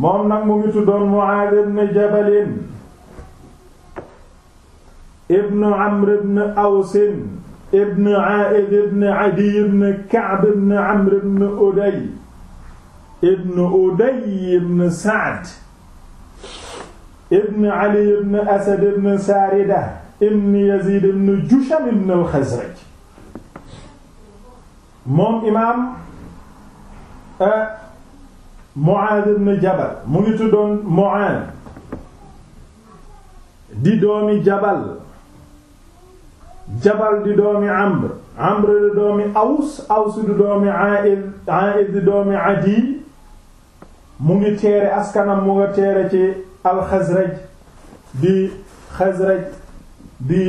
moom nag mu ngi tuddoon Muaaz ibn Jabal ibn Amr ibn Aws ibn Aa'id ibn Adiy ibn Ka'b ibn Amr ibn Uday ibn Uday ibn Sa'd ibn Ali ibn Asad ibn Saarida ibn Yazid ibn Jusham ibn al-Khazraj moom imaam eh, Muaaz ibn Jabal mu ngi tuddoon Muaaz di doomi Jabal Jabal di doomi Amr Amr di doomi Aws Aws di doomi Aaid Aaid di doomi Adi mu ngi teere askanam mu nga teere ci al-Xasraj di Xasraj di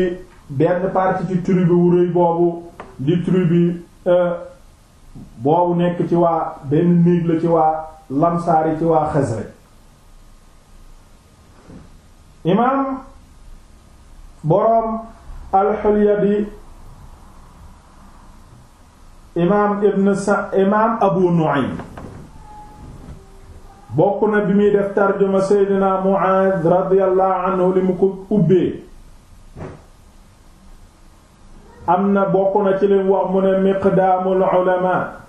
benn partie ci tribu wu rëy boobu di tribu euh, boobu nekk ci waa benn néeg la ci waa lamsaar yi ci waa Xasraj imaam boroom alxulya bi imaam ibn sa imaam abu nu'aym bokk na bi muy def tarjuma seydina mu'aaz radiyallahu anhu li mu ko ubbee am na bokk na ci lim wax mu ne miqdaamul ulamaa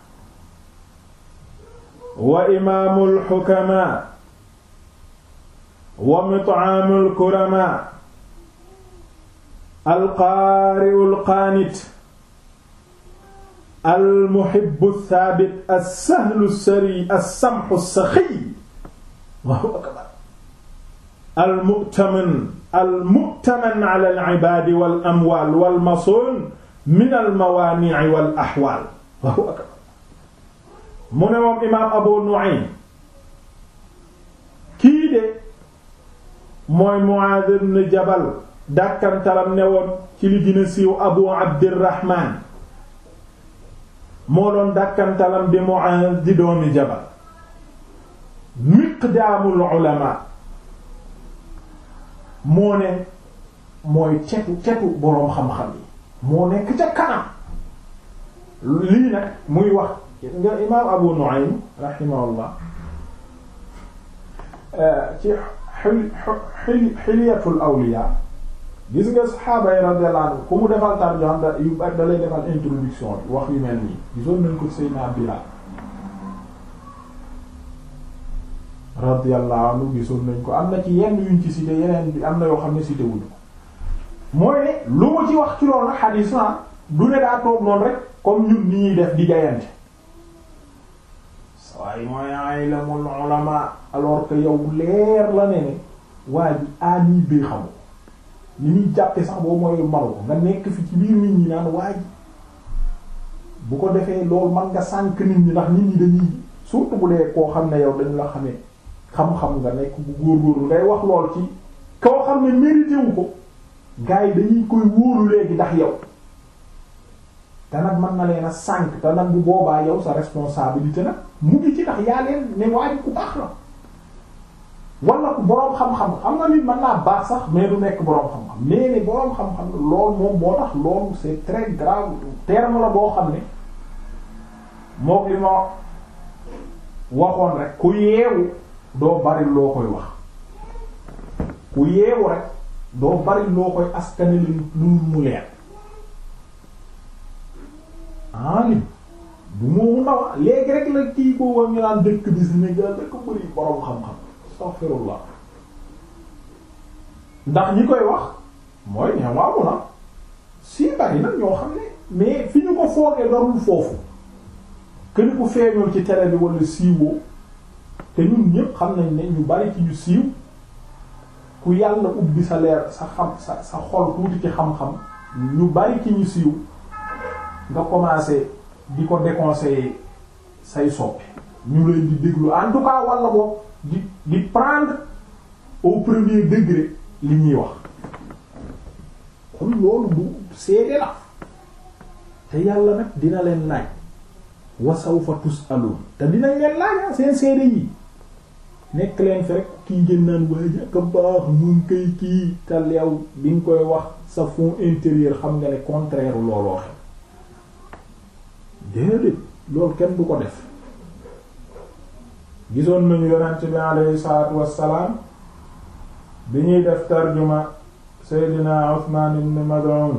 wa imaamul xukamaa wa mutaamul kuramaa alqaariul qaanit almuhibbu saabit assahlu sari assamxu saxiy Allahu akbar almutaman almutaman ala al-ibaadi wal amwaal wal masoon min al mawaani'i wal axwaal Allahu akbar mu ne moom imaam Abu Nu'aym kii de mooy Mu'aaz ibn Jabal dàkkantaram ne woon ci li gën siiw Abu Abdirrahman moo doon dàkkantalam di Mu'aaz di doomi Jabal miqdaamul ulamaa moo ne mooy cetu cetu boroom xam-xam yi moo nekk ca kanam lii nag muy wax gis nga imaam Abu Nu'aym rahimahullah eh, ci xiliyatul awliya gis nga saxaaba yi radiyallahu anhu ku mu defal tarjaan da yu bari da lay defal introduction bi wax yu mel nii gisoon nañ ko Seydina Bilaal radiyallahu anhu gisoon nañ ko am na ci yenn yuñ ci am na yoo xam ne cité wuñu ko mooy ne ci wax ci loolu xadiis na du daa toog noonu rek comme ñun def di jayante waaye mooy aylamul ulama alors que yow leer la ne ne waa ji aani bee xamu ni ñuy jàppe sax boo mooy manu nga nekk fi ci biir nit ñi naan waa bu ko defee loolu man nga sànk nit ñi ndax nit ñi dañuy surtout bu dee koo xam ne yow dañu la xamee xam-xam nga nekk bu góor góorgóorlu ngay wax lool ci koo xam ne mérité ko gars yi dañuy koy wóoru léegi ndax yow te nag mën na leen a sànq te nag bu boobaa yow sa responsabilité nag mu ngi ci ndax yaa leen ne ku baax la wala ku boroom xam-xam xam nga nit mën naa baax sax mais lu nekk boroom xam-xam mais ne boroom xam boo xam ne moom li ma waxoon rek ku yeewu doo bari loo koy wax ku yeewu rek doo bari loo koy askan lu mu leer. alim bu moomu ndawa léegi rek la kii ko wa ñu naan dëkk bi Sénégal dëkk bëri borom xam-xam astaghfirullah ndax ñi koy wax mooy ne waamu na si bari nag ñoo xam ne mais fi ñu ko foogee darul foofu que ni ko feeñoo ci télé bi wala siiwoo te ñun ñëpp xam nañ ne ñu bari ci ñu siiw ku yàlla ubbi sa leer sa xam sa sa xol tuuti ci xam-xam ñu bari ci ñu siiw nga commencé di ko déconseiller say soppi ñu leen di déglu en tout cas wala boog di di prendre au premier degré li ñuy wax kon loolu bu seede la te yàlla nag dina leen laaj wasawfa tus'alun te dina leen laaj ah seen seede yi nekk leen fi rek kii ngeen naan waaye jàkka baax mun koy kii te leew bi nga koy wax sa fond intérieur xam nga ne contraire looloo xam déedéet loolu kenn du ko def gisoon nañu yonent bi aleyhi salaatu wassalaam bi ñuy def tarjuma seydina Usmaan ibn Mad'un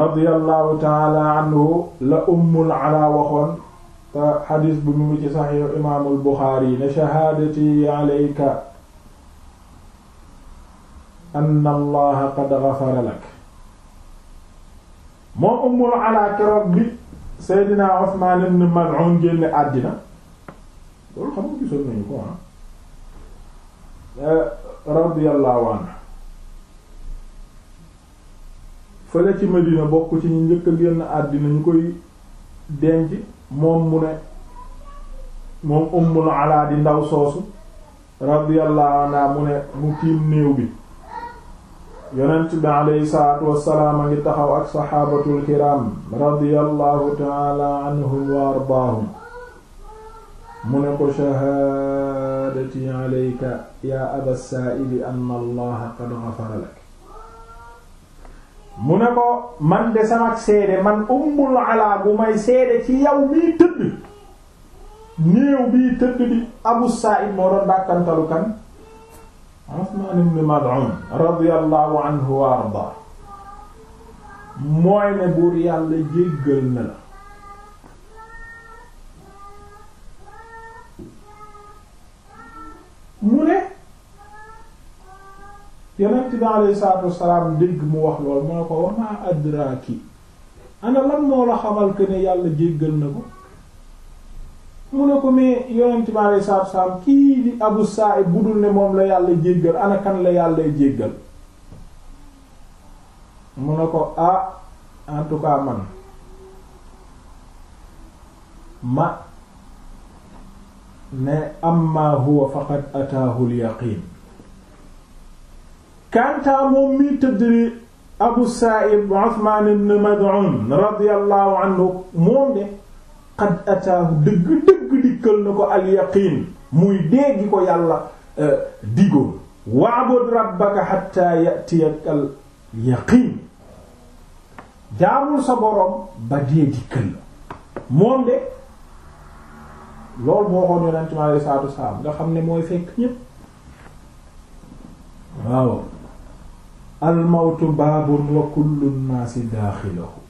radiyallahu taala anhu la ummul ala waxoon te xadis bi mu ngi ci saxiix imaamul Buxaari ne shahaadati aleyka anna allaha qad gafara lak moom ummul ala keroog bi Seydina Usmaan ibn Maz'un génne àddina loolu xam nga gisoon nañu ko ah euh, radiyallahu anhu fële ci Medina bokk ci ñu njëkk a génn àddina ñu koy denc moom mu ne moom ummul ala di ndaw soosu radiyallahu anha mu ne mu tiim néew bi yonent bi aleyhi salaatu wassalaam a ngi taxaw ak saxaabatul kiram radiyallahu taala anhum wa ardaahum mu ne ko shahaadati aleyka yaa aba saa'ili anna allaha qad ghafara lak mu ne ko man de sama seede man ummul alaa bu may seede ci yow bii tëdd néew bii tëdd di abu saa'il moo doon dàkkantalu kan Usmaan ibn Mad'un radiyallahu anhu wa ardaa mooy ne buur yàlla jéggal na la mu ne yonent bi alayhi salaatu wassalaam dégg mu wax lool moo ko wa maa adraaki ana lan moo la xamal que ne yàlla jéggal na ko mu ne ko mais yonent bi alei salatu salaam kii Abu Sa'id bu dul ne moom la yàlla jéggal ana kan la yàlla jéggal mu ne ko ah en man ma ne amma huwa faqad ataahu al kantaa moom mi tëddri Abu Sa'ib Uthman ibn Mad'un radiyallahu anhu moom de qad ataahu dëgg dikkal na ko alyaqiin muy déggi ko yàlla euh, digoon wa'bud rabbaka hatta ya'tiyaka alyaqiin jaamul sa boroom ba dee dikkal la moom de loolu moo xoon yonent mi alei salatu wasalaam nga xam ne mooy fekk ñépp waaw almawtu baabun wa kullu nnaasi daaxiluhu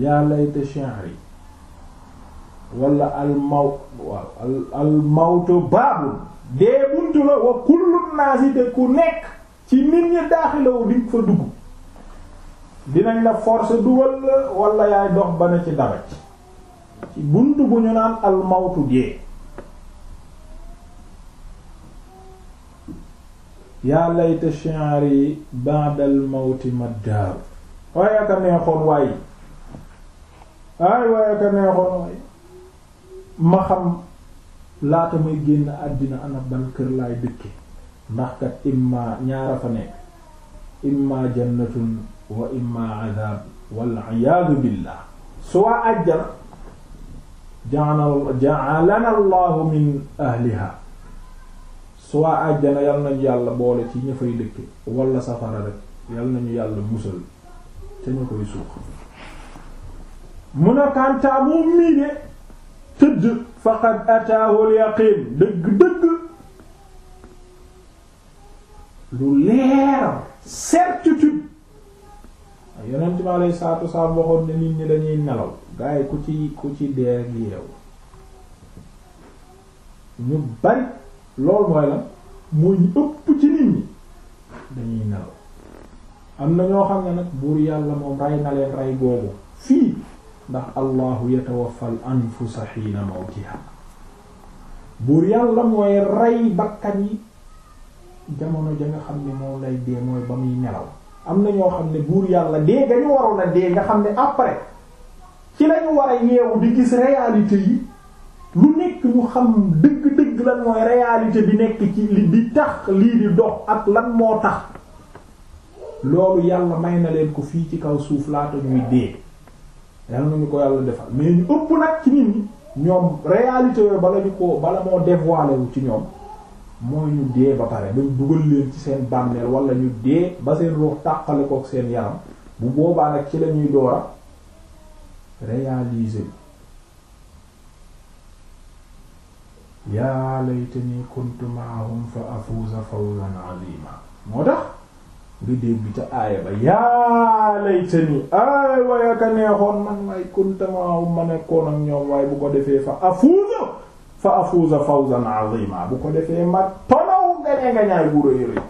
yaa layta shi'ri wala al maw waaw al mawtu baabul dee buntu la wa kullu naasi te ku nekk ci nit ñi daaxilawu di fa dugg dinañ la forcer dugal la yaay dox ba ne ci dara ci buntu bu ñu naan al mawtu dee yaa layta shi'ri ba'da al mawti maddaar waaye aka neexoon waaye ay waaye ka neexoon ma xam laata may génn àddina ana ban kër laay dëkke ndax kat imma ñaara fa nekk imma jannatun wa imma adab wal iyaadu billah suwaa ajjana ja'alana allahu min ahliha suwaa ajjana yal nañu yàlla boole ci ña fay dëkke wala safara rek yal nañu yàlla musal te ñu koy suux mun a kàntaa moom mii de tëdd faqad ataahu al-yaqiin dëgg-dëgg lu leer certitude ak yonent bi alayhi salaatu wassalaam waxoon ne nit ñi dañuy nelaw gaa ku ci ku ci dee gi yeewu ñu bari loolu mooy la mooy ëpp ci nit ñi dañuy nelaw am na ñoo xam ne nag buur yàlla moom rey na leen rey googu fii ndax allahu yatawaffa al anfusa xiina mawtiha buur yàlla mooy rey bakkan yi jamono ja nga xam ni moom lay dee mooy ba muy nelaw am na ñoo xam ne buur yàlla dee dañu waroon a dee nga xam ne après ci lañu war a yeewu di gis réalité yi lu nekk ñu xam dëgg-dëgg lan mooy réalité bi nekk ci li di tax lii di dox ak lan moo tax loolu yàlla may na leen ko fii ci kaw suuf laata ñuy dee yàlla nañu ko yàlla defal mais ñu ëpp nag ci nit ñi ñoom réalité yooyu bala ñu ko bala moo dévoilé wu ci ñoom moo ñu dee ba pare bañ dugal leen ci seen bànneel wala ñu dee ba seen ruux tàqale kook seen yaram bu boobaa nag ci lañuy doora réaliser yaa laytani kuntu ma'ahum fa afuza fawzan 'azima moo tax nga bi ca aaya ba yaa laytani ay way aka neexoon man waay kuntamaaw ma ak ñoom waaye bu ko defee fa afuuza fa afuuza fawzan azima bu ko defee ma tonaw gañe gañaay bu rëy rëy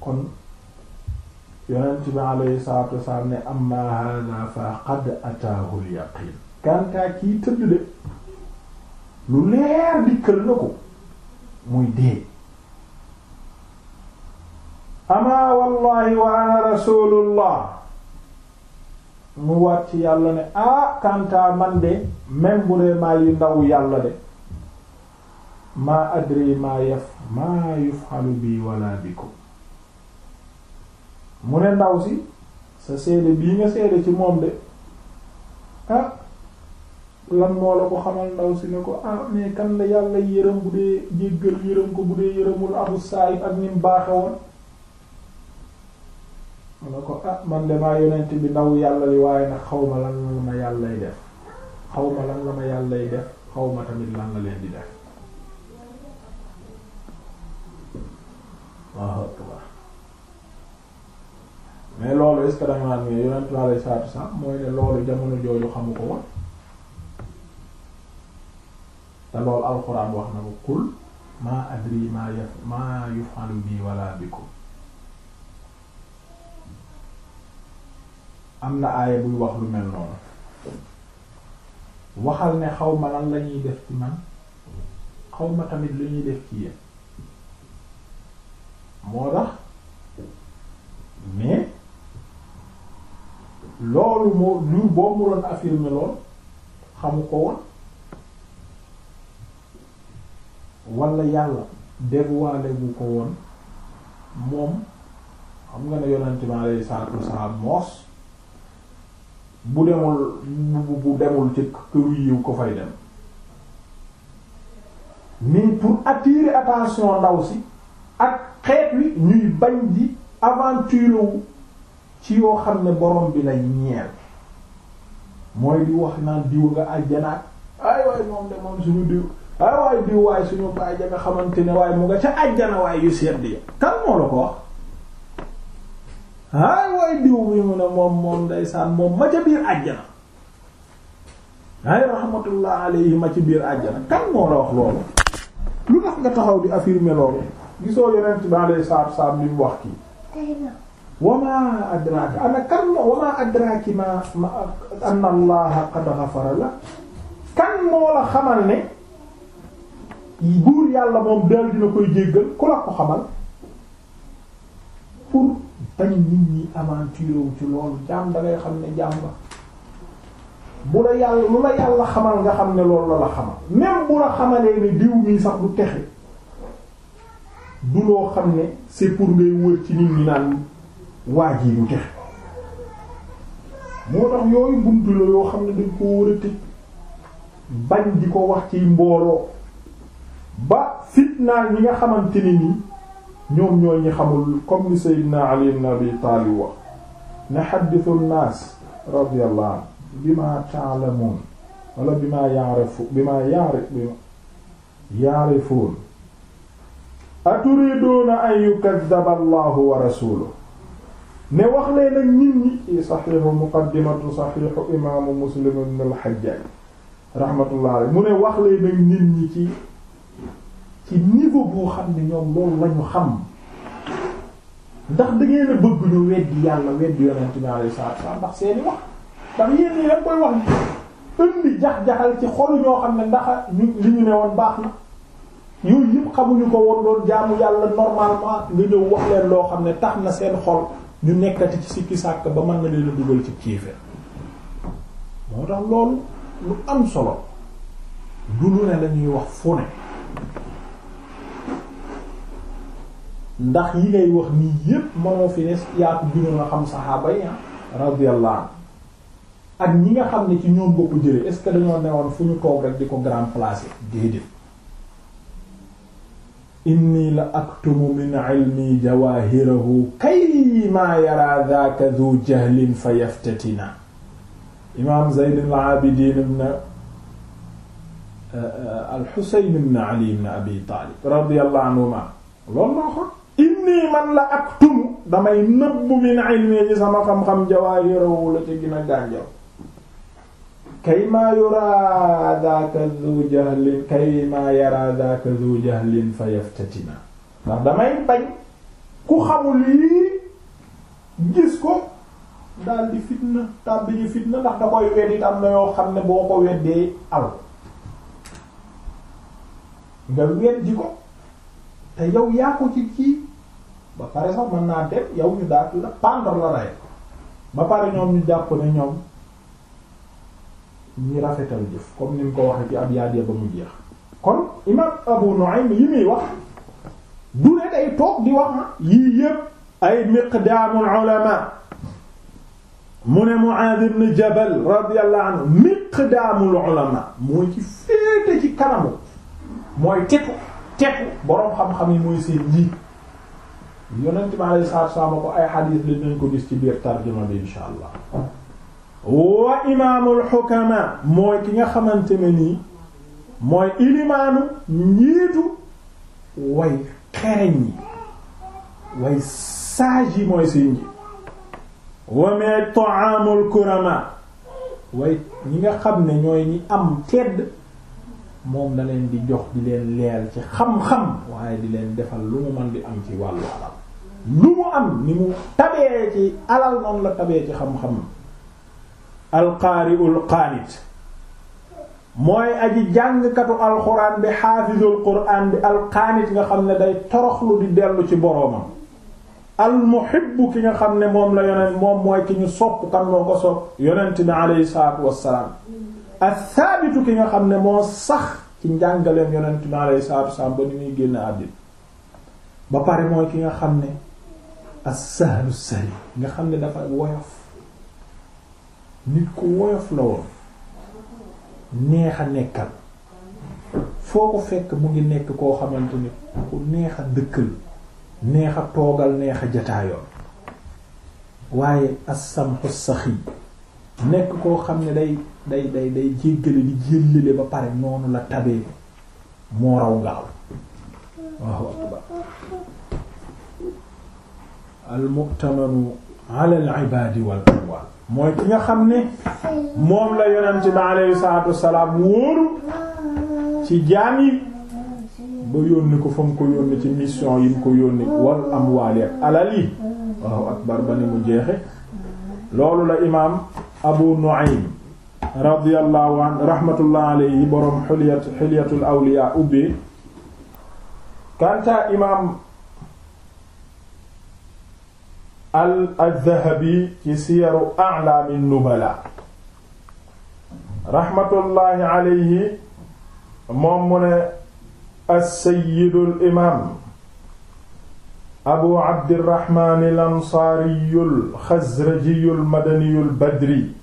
kon yonent bi alayhi salaatu wasalaam ne amma hada fa qad ataahu al yaqin kantaa kii tëdd de lu leer dikkal na ko muy dee amaa wallahi wa ana mu waat ci yàlla ne ah kantaa man de même maa yi ndaw yàlla de maa adri maa yaf maa yufhalu bi wala mu ne ndaw si sa seede bii nga seede ci moom de ah lan moo la ko xamal ndaw si ne ko ah mais kan la yàlla yërëm bu dee jéggal yërëm ko bu dee yërëmul abu saayib ak nim baaxe mu ne ko ah man de maa yonent bi ndaw yàlla li waaye nag xaw ma lan la ma yàllay def xaw ma lan la def xaw ma tamit lan la leen di def waaw waaw mais loolu est ce que da ngaa yonent bi alayhi salaatu salaam mooy ne loolu jamono jooju xamu ko woon te loolu alxuraan wax na ko kul maa adri maa yaf maa yufalu bi wala am na aaya buy wax lu mel noonu waxal ne xaw ma lan lañuy def ci man xaw ma tamit lu ñuy def ci yéen moo tax mais loolu moo lu boo mu doon affirmer lool xamu ko woon wala yàlla dévoilé bu ko woon moom xam nga ne yonent bi alayhi salaatu moos bu demul bu demul ci këru yiw ko fay dem nii pour attirer attention ndaw si ak xeet wi ñuy bañ di aventure ci yoo xam ne borom bi lay ñeel mooy di wax naan diw nga àjjanaat ay waay moom de moom suñu diw ay waay diw waay suñu bàyyi nga xamante ne waaye mu nga ca àjjana waay yu sedd ya kan moo la ko wax hay waaye diw mi mu ne moom moom ndeysaan moom ma ca biir àjjana hay rahmatullah ma ci biir àjjana kan moo la wax loolu lu tax nga taxaw di affirmer loolu gisoo yeneen ci baa saab saab bi mu wax kii wamaa adraaki ana kan moo wamaa adraaki ma ma anna allaha qad ghafara la kan moo la xamal ne buur yàlla moom dal dina koy jéggal ku la ko xamal pour bañ nit ñi aventure wu ci loolu jaam da xam ne jaam ba bu la yàlla lu la yàlla xamal nga xam ne loolu la la xamal même bu la xamalee ne diw mii sax bu texe du loo xam ne c'est pour ngay wër ci nit ñi naan waaj yi du texe moo tax yooyu buntu la yoo xam ne dañ ko war a tëj bañ di ko wax ci mbooloo ba fitnaa yi nga xamante ne nii ñoom ñooy ñi xamul comme ni Ali ibn Abi Taalib wax ne xaddisu naas radiyallahu bima ta'lamun wala bima ya'rifu bima ya'rifu ya'rifun aturiduuna an yukaddaba Allahu wa rasuluhu ne wax leen ak nit ñi ci saxiixu muqaddimatu saxiixu imaamu Muslim ibn al-Hajjaj mu ne wax leen ak nit ñi ci ci niveau boo xam ne ñoom loolu lañu xam ndax da ngeen a bëgg ñu weddi yàlla weddi yonent bi alayhi salaatu wasallam ndax seeni wax ndax yéen ñi dañ koy wax indi jax-jaxal ci xolu ñoo xam ne ndax ñu li ñu ne woon baax na yooyu yëpp xamuñu ko woon doon jaamu yàlla normalement nga ñëw wax leen loo xam ne tax na seen xol ñu nekkati ci sikki sàkk ba mën na leen a dugal ci kiife moo tax loolu lu am solo du lu ne lañuy wax fu ne ndax yi ngay wax nii yépp manoo fi ne yaa ko gënoon a xam saxaaba yi radiyallahu ak ñi nga xam ne ci ñoom boo ko jëlee est rek di ko grand placé déedéet inni la aktumu min ilmi jawahirahu kay ma yara dhaka dhu jahlin fa yaftatina imam zayd al abidin ibn uh, uh, al husayn ali ibn abi talib radiyallahu anhuma loolu moo xam inni man la ak tum damay nëbbu min ilmi ci sama xam-xam jawaahiru la ci gën a gànjaw kay maa yura daaka zu kay maa yara daaka zu jahlin fa yaftatina ndax damay bañ ku xamul yii gis ko daal fitna tàbbi di fitna ndax da koy weddi am na yoo xam ne boo ko weddee al nga weddi ko te yow yaa ko ci kii ba pare sax mën naa dem yow ñu daal la pendre la rey ba pare ñoom ñu jàpp na ñoom ñi rafetal jëf comme ni mu ko waxee ci ab yaadee ba mu jeex kon imam Abu Nu'aym yi muy wax du ne day toog di wax ma yii yépp ay miqdaamul mu ne Mu'aaz ibn Jabal radiyallahu anhu miqdaamul ulama mooy ci féete ci kanamu mooy tetu tetu boroom xam-xam yi mooy seen njiit yonent bi alayhi salaatu salaam ko ay xadiis li nañ ko gis ci biir tarjuma bi insha allah wa imaamul xukamaa mooy ki nga xamante ne nii mooy ilimaanu njiitu way xereñ yi way saaj yi mooy seen njiit wa mee to'aamul kuramaa way ñi nga xam ne ñooy ñi am tedd moom da leen di jox di leen leel ci xam-xam waaye di leen defal lu mu mën di am ci wàllu alal lu mu am ni mu tabee ci alal noonu la tabee ci xam-xam alqaari'ul qaanit mooy aji jàngkatu alxuraan bi xaafizul quraan bi alqaanit nga xam ne day toroxlu di dellu ci boroomam almuhibbu ki nga xam ne moom la yonent moom mooy ki ñu sopp kan ko sopp yonent bi aleyhi salaatu wassalaam assaabitu ki nga xam ne moo sax ci njàngaleem yonent mi alayhi salaatu wasalaam ba nu muy génn àddina ba pare mooy ki nga xam ne as-sahlu salim nga xam ne dafa woyof nit ku woyof la woon neex a nekkal foo ko fekk mu ngi nekk koo xamante nit ku neex a dëkkal neex a toogal neex a jataayoon waaye as-samhu saxi nekk koo xam ne day day day day jéggale di jéllale ba pare noonu la tabee moo raw gaaw mooy ki nga xam ne moom la yonent bi alayhi salaatu wassalaam yi ba yónni ko fa yi ko yónni wal ak alal yi mu jeexe loolu la imaam abu nu'aym radiyallahu an rahmatullah alayhi boroom xulyat xulyatul awliya ubbee kanta imaam al addahabi ci siyaru a'laami nubala rahmatullahi alayhi moom mu ne as sayyidul imaam abu abdirahmaan al ansaariyul madaniyul badri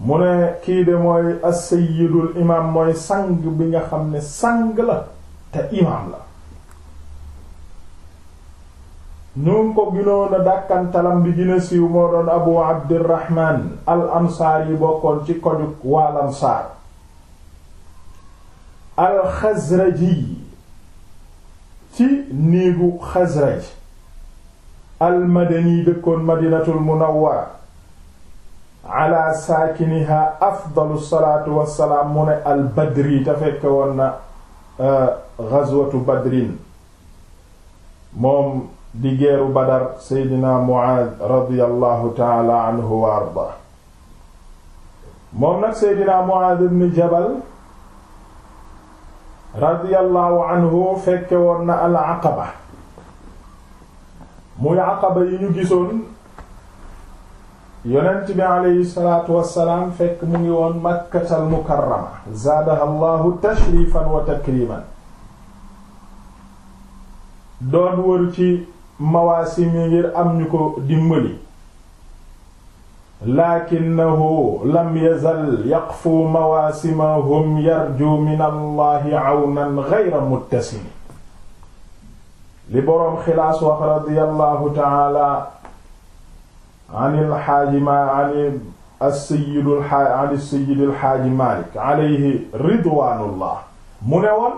mu ne kii de mooy assayidul imaam mooy sang bi nga xam ne sang la te imaam la ñu ngi ko ginoon a dàkkantalam bi gën a siiw moo doon abu abdirahmaan al bokkoon ci kojug waa lansaar al ci néegu Xasraj almadani dëkkoon madinatul munawwara ala saakiniha afdalu salaatu wassalaam mu ne al badri te fekke woon na euh, gazwatu badrin moom di geeru badar seydina muaaz radiyallahu taala anhu wa arda moom nag seydina muaaz ibn jabal radiyallahu anhu fekke woon na al aqaba muy aqaba yi ñu gisoon yonent bi aleyhi salaatu wassalaam fekk mu ngi woon makkatal mukarrama zaadaha allahu tashrifan wa takriman doon wër ci mawaasim yi ngir am ñu ko dimbali lakinnahu lam yazal yaqfu mawaasimahum yarju min allahi awnan ghayra muttasil li boroom xilaas wax radiyallahu taala an alxaaji ma an assayidu an assayid alxaaji malik alayhi ridwaanullah mu ne woon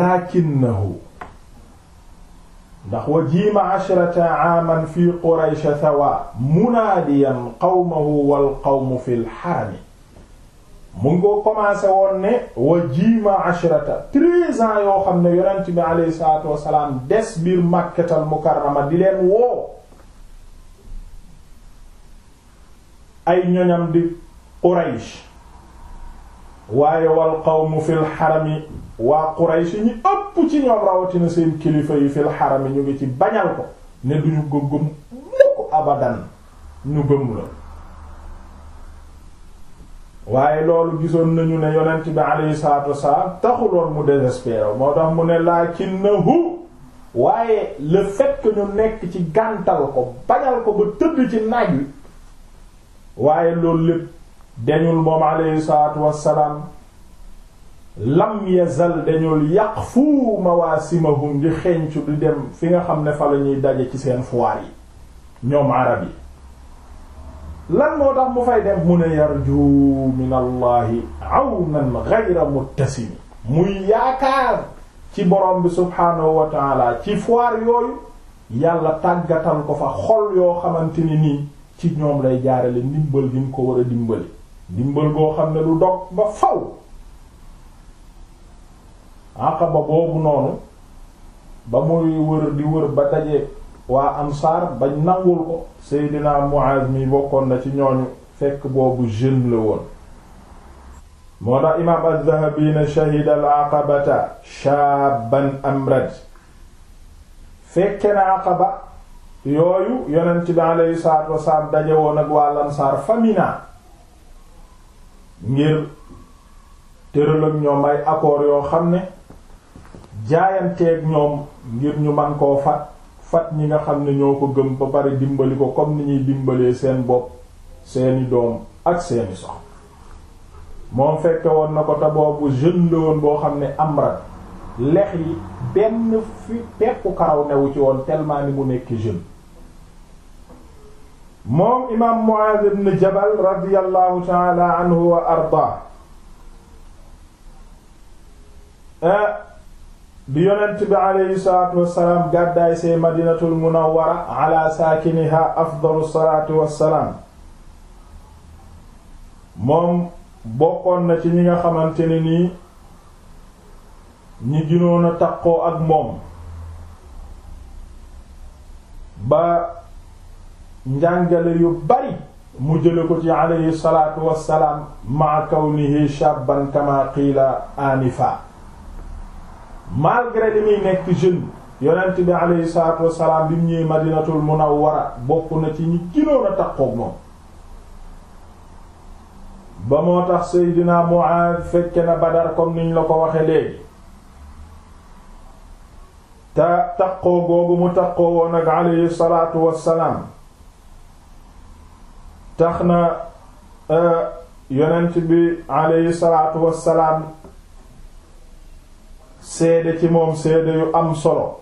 lakinnahu ndax wa jiima ashrata aaman fi quraysha sawa munaadiyan qawmahu wal qawmu fil harami mu ngi ko commencé woon ne wa jiima ashrata treize ans yoo xam ne yonent bi alayhi salaatu wasalaam des biir màkkatal mukarrama di leen woo ay ñoñam di quraysh waaye wal qawmu fil xarami waa Quraysh ñi ëpp ci ñoom rawatina seen kilifa yi fil xarami ñu ngi ci bañal ko ne duñu ko gëm mukk abadan ñu gëm la waaye loolu gisoon nañu ne yonent bi alayhi salaatu wassalaam taxuloon mu désespéré moo tax mu ne lakinnahu waaye le fait ñu nekk ci gàntal ko bañal ko ba tëdd ci naaj wi waaye loolu lépp dañul moom aleyhi salaatu wassalaam lam yazal dañul yaqfu mawaasimahum di xencu di dem fi nga xam ne fa lañuy ñuy daje ci seen foire yi ñoom arab yi lan moo tax mu fay dem mu ne yarju min allahi awnan ghayra muttasimi muy yaakaar ci borom bi subhaanahu wa ci foire yooyu yàlla tàggatal ko fa xol yoo xamante ni nii ci ñoom lay jaarale ndimbal gi mu ko war a dimbali dimbal boo xam ne du dog ba faw Aqaba boobu noonu ba muy wër di wër ba daje waa Ansaar bañ nangul ko Seydina Muaz mi bokkoon na ci ñooñu fekk boobu jeune la woon moo tax imaam az-Zahabi ne shahida al-Aqabata shaban amrad fekke na Aqaba yooyu yonent bi alayhi salaatu wasalaam daje woon ak waa Ansaar famina ngir tëral ñoom ay accord yoo xam ne jaayanteeg ñoom ngir ñu man koo fat fat ñi nga xam ne ñoo ko gëm ba pare dimbali ko comme ni ñuy dimbalee seen bopp seeni doom ak seeni sox moom fekke woon na ko te boobu jeune la woon boo xam ne am lex yi benn fi peppu karaw newu ci woon tellement ni mu nekk jeune moom imaam Muaaz ibn Jabal radiyallahu taala wa ardaa eh, bi yonent bi aleyhi salaatu wassalaam gàddaay see madinatul munawwara ala saakiniha afdalu salaatu wassalaam moom bokkoon na ci ñi nga xamante nii ñi ginoon a ak moom ba njàngale yu bari mu jële ko ci alayhi salaatu wassalaam ma kawnihi shabban kama qiila anifa malgré li muy nekk jeune yonent bi alayhi salaatu wassalaam bi mu ñëwee madinatul munawwara bokk na ci ñi gënoon a takkook moom ba moo tax seydina Muaad fekke na Badar comme niñ la ko waxe léegi te takkoo googu mu takkoo woon ak alayhi salaatu wassalaam tax na euh, yonent bi aleyhi salaatu wassalaam seede ci moom seede yu am solo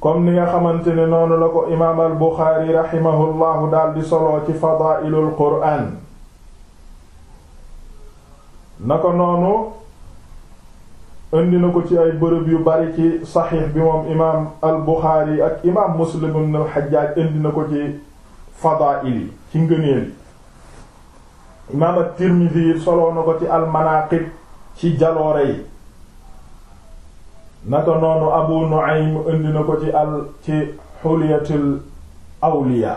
comme ni nga xamante ne noonu la ko imaam al buxaari raximahullahu daal di solo ci fadaa'ilul quraan na ko noonu indi na ko ci ay bërëb yu bari ci saxiix bi moom imaam al buxaari ak imaam muslim ibn al xajjaaj indi na ko ci fadaa'il yi ci ngëneel yi imaam at yi soloo ko ci al ci jaloore yi naka noonu Abu Nu'aym indi na ko ci al ci Hulyatul Awliya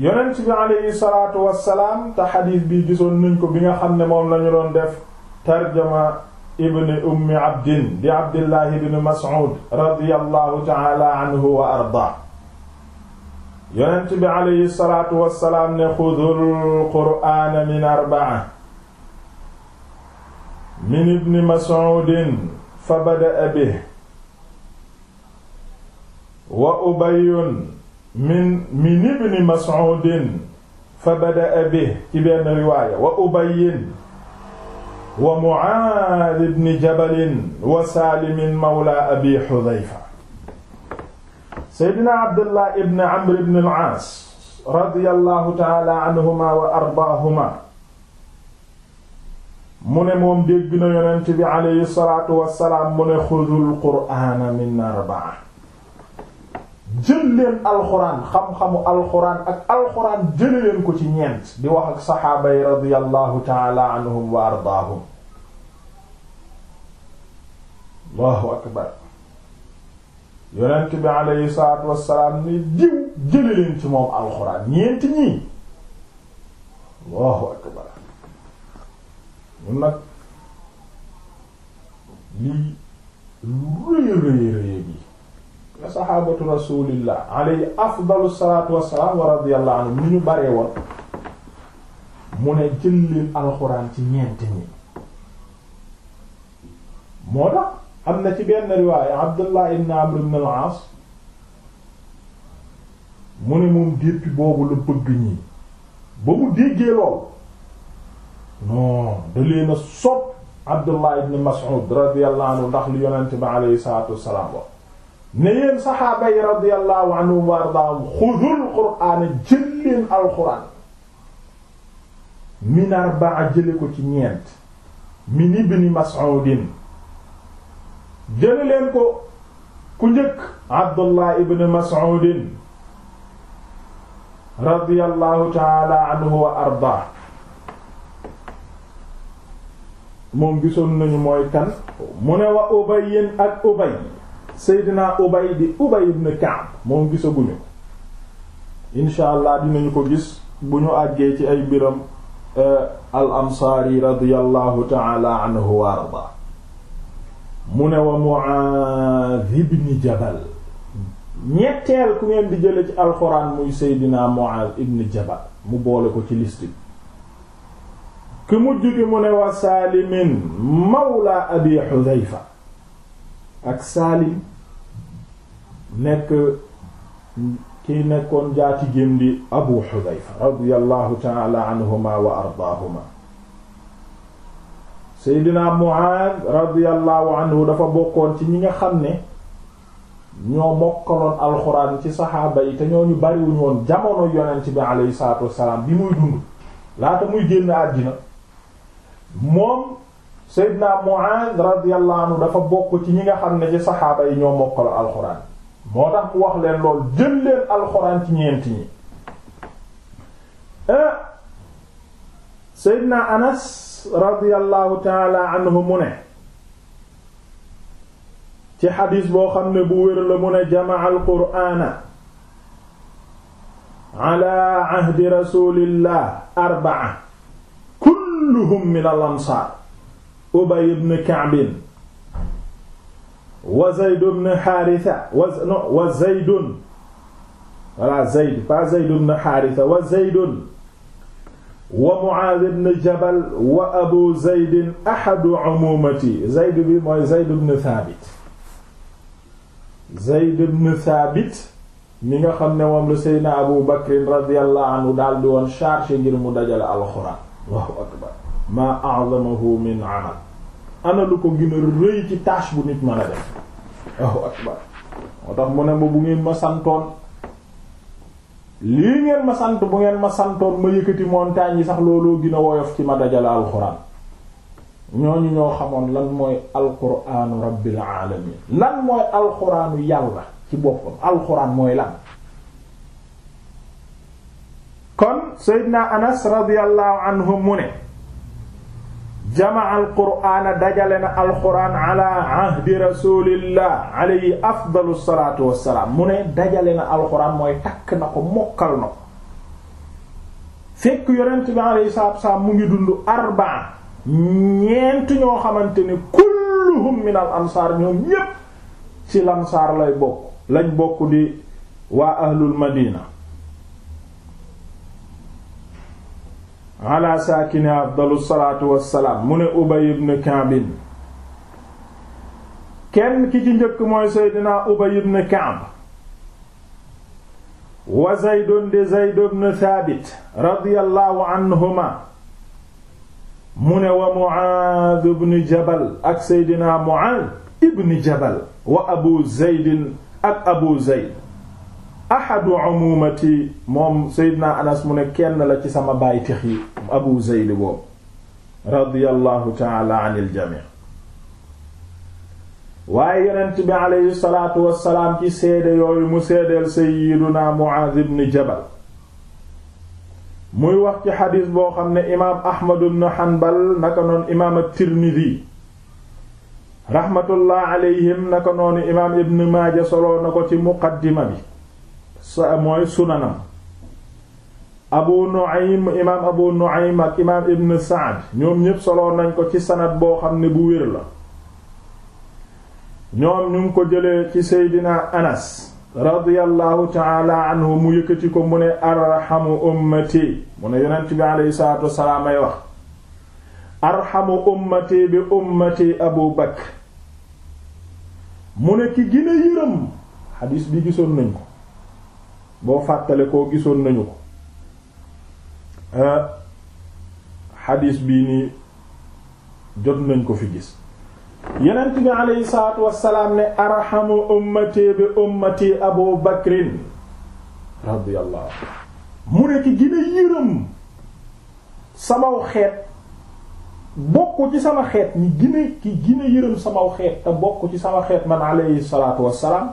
yonent bi aleyhi salaatu wassalaam te xadiis bi gisoon nañ ko bi nga xam ne moom lañu doon def tarjama ibn ummi abdin di abdillah ibn mas'ud radiyallahu ta'ala anhu wa arda yonent bi alayhi salaatu wassalaam ne xudul qur'aana min arba'a min ibn mas'udin fa bada'a bihi wa ubayun min min ibn mas'udin fa bada'a bihi ci benn riwaaya wa ubayyin wa Mu'aaz ibn Jabal wa Saalim mawla Abi Hudayfa Seydina Abdullah ibn Amr ibn al-Aas radiyallahu ta'ala anhuma wa ardaahuma mu ne moom dégg na yonent bi alayhi salaatu wa salaam mu ne xudul qur'aana min arba'a jël leen alxuraan xam-xamu alxuraan ak alxuraan jël leen ko ci ñeent di wax ak saxaaba yi radiyallahu taala anhum wa ardaahum allahu akbar yonent bi alayhi salaatu wassalaam ni diw jël leen ci moom alxuraan ñeent ñii allahu akbar ñun lii lu rëy nga saxaabatu rasulillah alayhi afdalu salaatu wassalaam wa radiyallahu anhu ni ñu baree mu ne jël alxuraan ci ñeent ñi moo tax am na ci benn riwaay Abdullah ibn Amr ibn al mu ne moom déppi boobu la bëgg ñi ba mu déggee lool non da leen a sopp Abdullah ibn Mas'ud radiyallahu ndax lu yonent bi alayhi salaatu wassalaam wax ne yéen saxaaba yi radiyallahu anhum wa ardaahum xudul qur'aana jël leen alxuraan min arbaa jële ko ci ñeent min ibni mas'udin jële leen ko ku njëkk abdullah ibn mas'udin radiyallahu taala anhu wa ardaa moom gisoon nañu mooy kan mu ne wa ubayin ak ubay Seydina Ubay di Ubay ibn Ka'b moom gisaguñu ko incha allah dinañu ko gis bu ñu àggee ci ay mbiram eh, al ansaari radiyallahu ta'ala anhu wa arda mu ne wa Mu'aaz ibn Jabal ñetteel ku ngeen di jële ci alxuraan muy Seydina Mu'aaz ibn Jabal mu boole ko ci liste bi ki mujj gi mu ne wa Saalimin mawla Abi Hudayfa ak Saalim nekk kii nekkoon jaati gém di abu xudayfa radiallahu taala anhuma wa ardaahuma seydina muaad radiallahu anhu dafa bokkoon ci ñi nga xam ne ñoo mokkaloon alxuraan ci saxaaba yi te ñoo ñu bariwuñ woon jamono yonent bi aleyhi salaatu wassalaam bi muy dund laata muy génn àddina moom seydina muaad radiallahu anhu dafa bokk ci ñi nga xam ne ci saxaaba yi ñoo mokkaloon alxuraan moo tax ku wax leen lool jël leen alxuraan ci ñeenti ñi ah, Seydina Anas radiyallahu taala anhu mu ne ci xadis boo xam ne bu wér la mu ne jamaa alqur'aana ala ahdi rasulillah arba'a kulluhum min al ansaar Ubay ibn Ka'b wa Zayd ibn Haritha wa non wa Zaydun voilà Zayd pas Zayd ibn Haritha wa Zaydun wa Mu'aaz ibn Jabal wa Abu Zayd ahadu umumati Zayd bi mooy Zayd ibn Thabit Zayd ibn Thabit mi nga xam ne moom la Seydina Abu Bakr radiyallahu anhu daal di woon chargé ngir mu dajale alxuraan Allahu akbar maa a'zamahu min amal ana ko gën a rëy ci tâche bu nit mën a def waaw akbar moo tax mu ne ma bu ngeen ma santoon lii ngeen ma sant bu ngeen ma santoon ma yëkkati montagne yi sax looloo gën a woyof ci ma dajale alxuraan ñooñu ñoo xamoon lan mooy alxuraanu rabbil alamin lan mooy alxuraanu yàlla ci boppam alxuraan mooy lan kon Seydina Anas radiyallahu anhu mu ne jamaa alqur'aana dajale na alqur'aan ala ahdi rasulillah alayhi afdalu salaatu wassalaam mu ne dajale na alqur'aan mooy takk na ko mokkal na ko fekk yonent bi alayhi salaatu wassalaam mu ngi dund arbaa ñeent ñoo xamante ni kulluhum min al ansaar ñoom ñépp ci lansaar lay bokk lañ bokk di waa ahlul madina ala saakini afdalu salaatu wassalaam mu ne ubay ibn Ka'b kenn ki ci njëkk mooy seydina ubay ibn Ka'b wa zaydun di zayd ibn thaabit radiyallahu anhuma mu ne wa Mu'aaz ibn jabal ak seydina Mu'aaz ibn jabal wa abu zaydin ak abu zayd ahadu umumati moom seydina anas mu ne kenn la ci sama baay tix yi abu zeyli boobu radiyallahu taala waaye yonent bi aleyhi salaatu seede yooyu mu seedeel jabal muy wax ci xadiis boo xam ne imaam ahmad ibn hanbal naka noon imaam at-tirmidhi raxmatullah alayhim naka noonu imaam ibn maaja solo na ko ci muqaddima bi sa mooy sunanam abu nu'aym imaam abu nu'aym ak imaam ibn saad ñoom ñépp soloon nañ ko ci sanad boo xam ne bu wér la ñoom ñu ngi ko jëlee ci seydina anas radiyallahu taala mu yëkkati ko mu ne arhamu ummati mu ne yonent bi aleyhi salaatu wasalaam ay wax arhamu ummati bi ummati abu bakr mu ne ki gën yërëm xadiis bi gisoon nañu ko boo fàttale koo gisoon nañu ko Euh, xadiis bii nii jot nañ ko fi gis yenent bi aleyhi salaatu salaam ne arhamu ummati bi ummati abu bakrin radiyallahu mu ne ki gën yërëm samaw xeet bokk ci sama xeet ñi gën a ki gën yërëm samaw xeet te bokk ci sama xeet man aleyhi salaatu wassalaam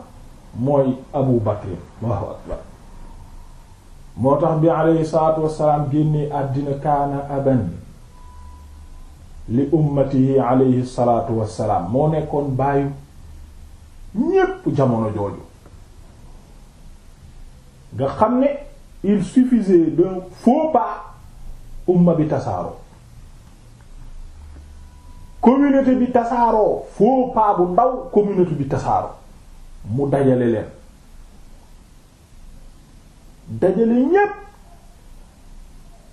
mooy abu bakrin waaw akbar moo tax bi aleyhi salaatu wassalaam génne àddina kaana aban li ummatihi aleyhi salaatu salaam moo nekkoon bàyyi ñépp jamono jooju nga xam ne il suffisait d'un faux pas umma bi tasaaroo communauté bi tasaaroo faux pas bu ndaw communauté bi tasaaroo mu dajale leen dajale ñépp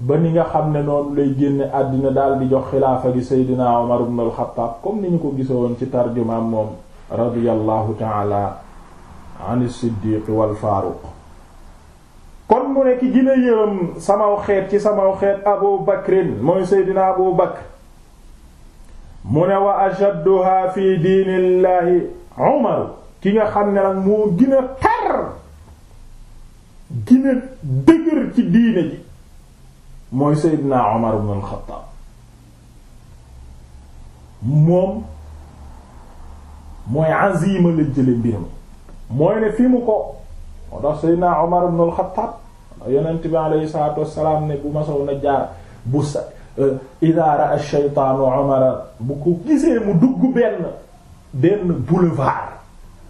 ba ni nga xam ne noonu lay génne àddina daal di jox xilaafa gi seydina Umar ibn al-Khattab comme ni ñu ko gisoon ci tarjumaam moom radiyallahu ta'ala an as-Siddiq wal kon mu ne ki gën a samaw xeet ci samaw xeet Abu Bakrin mooy seydina Abu Bakr mu ne wa ashadduha fi diinillahi Umar ki nga xam ne nag moo gën tar gina dëgër ci diine ji mooy Seydina Omar ibn al moom mooy azima la jële mbir mi mooy ne fi mu ko moo tax Seydina Omar ibn al-Khattab yonent bi alayhi salaatu ne bu ma sow bu sa euh, idaa ra'a ash-shaytaanu Omar bu ko gisee mu dugg benn benn boulevard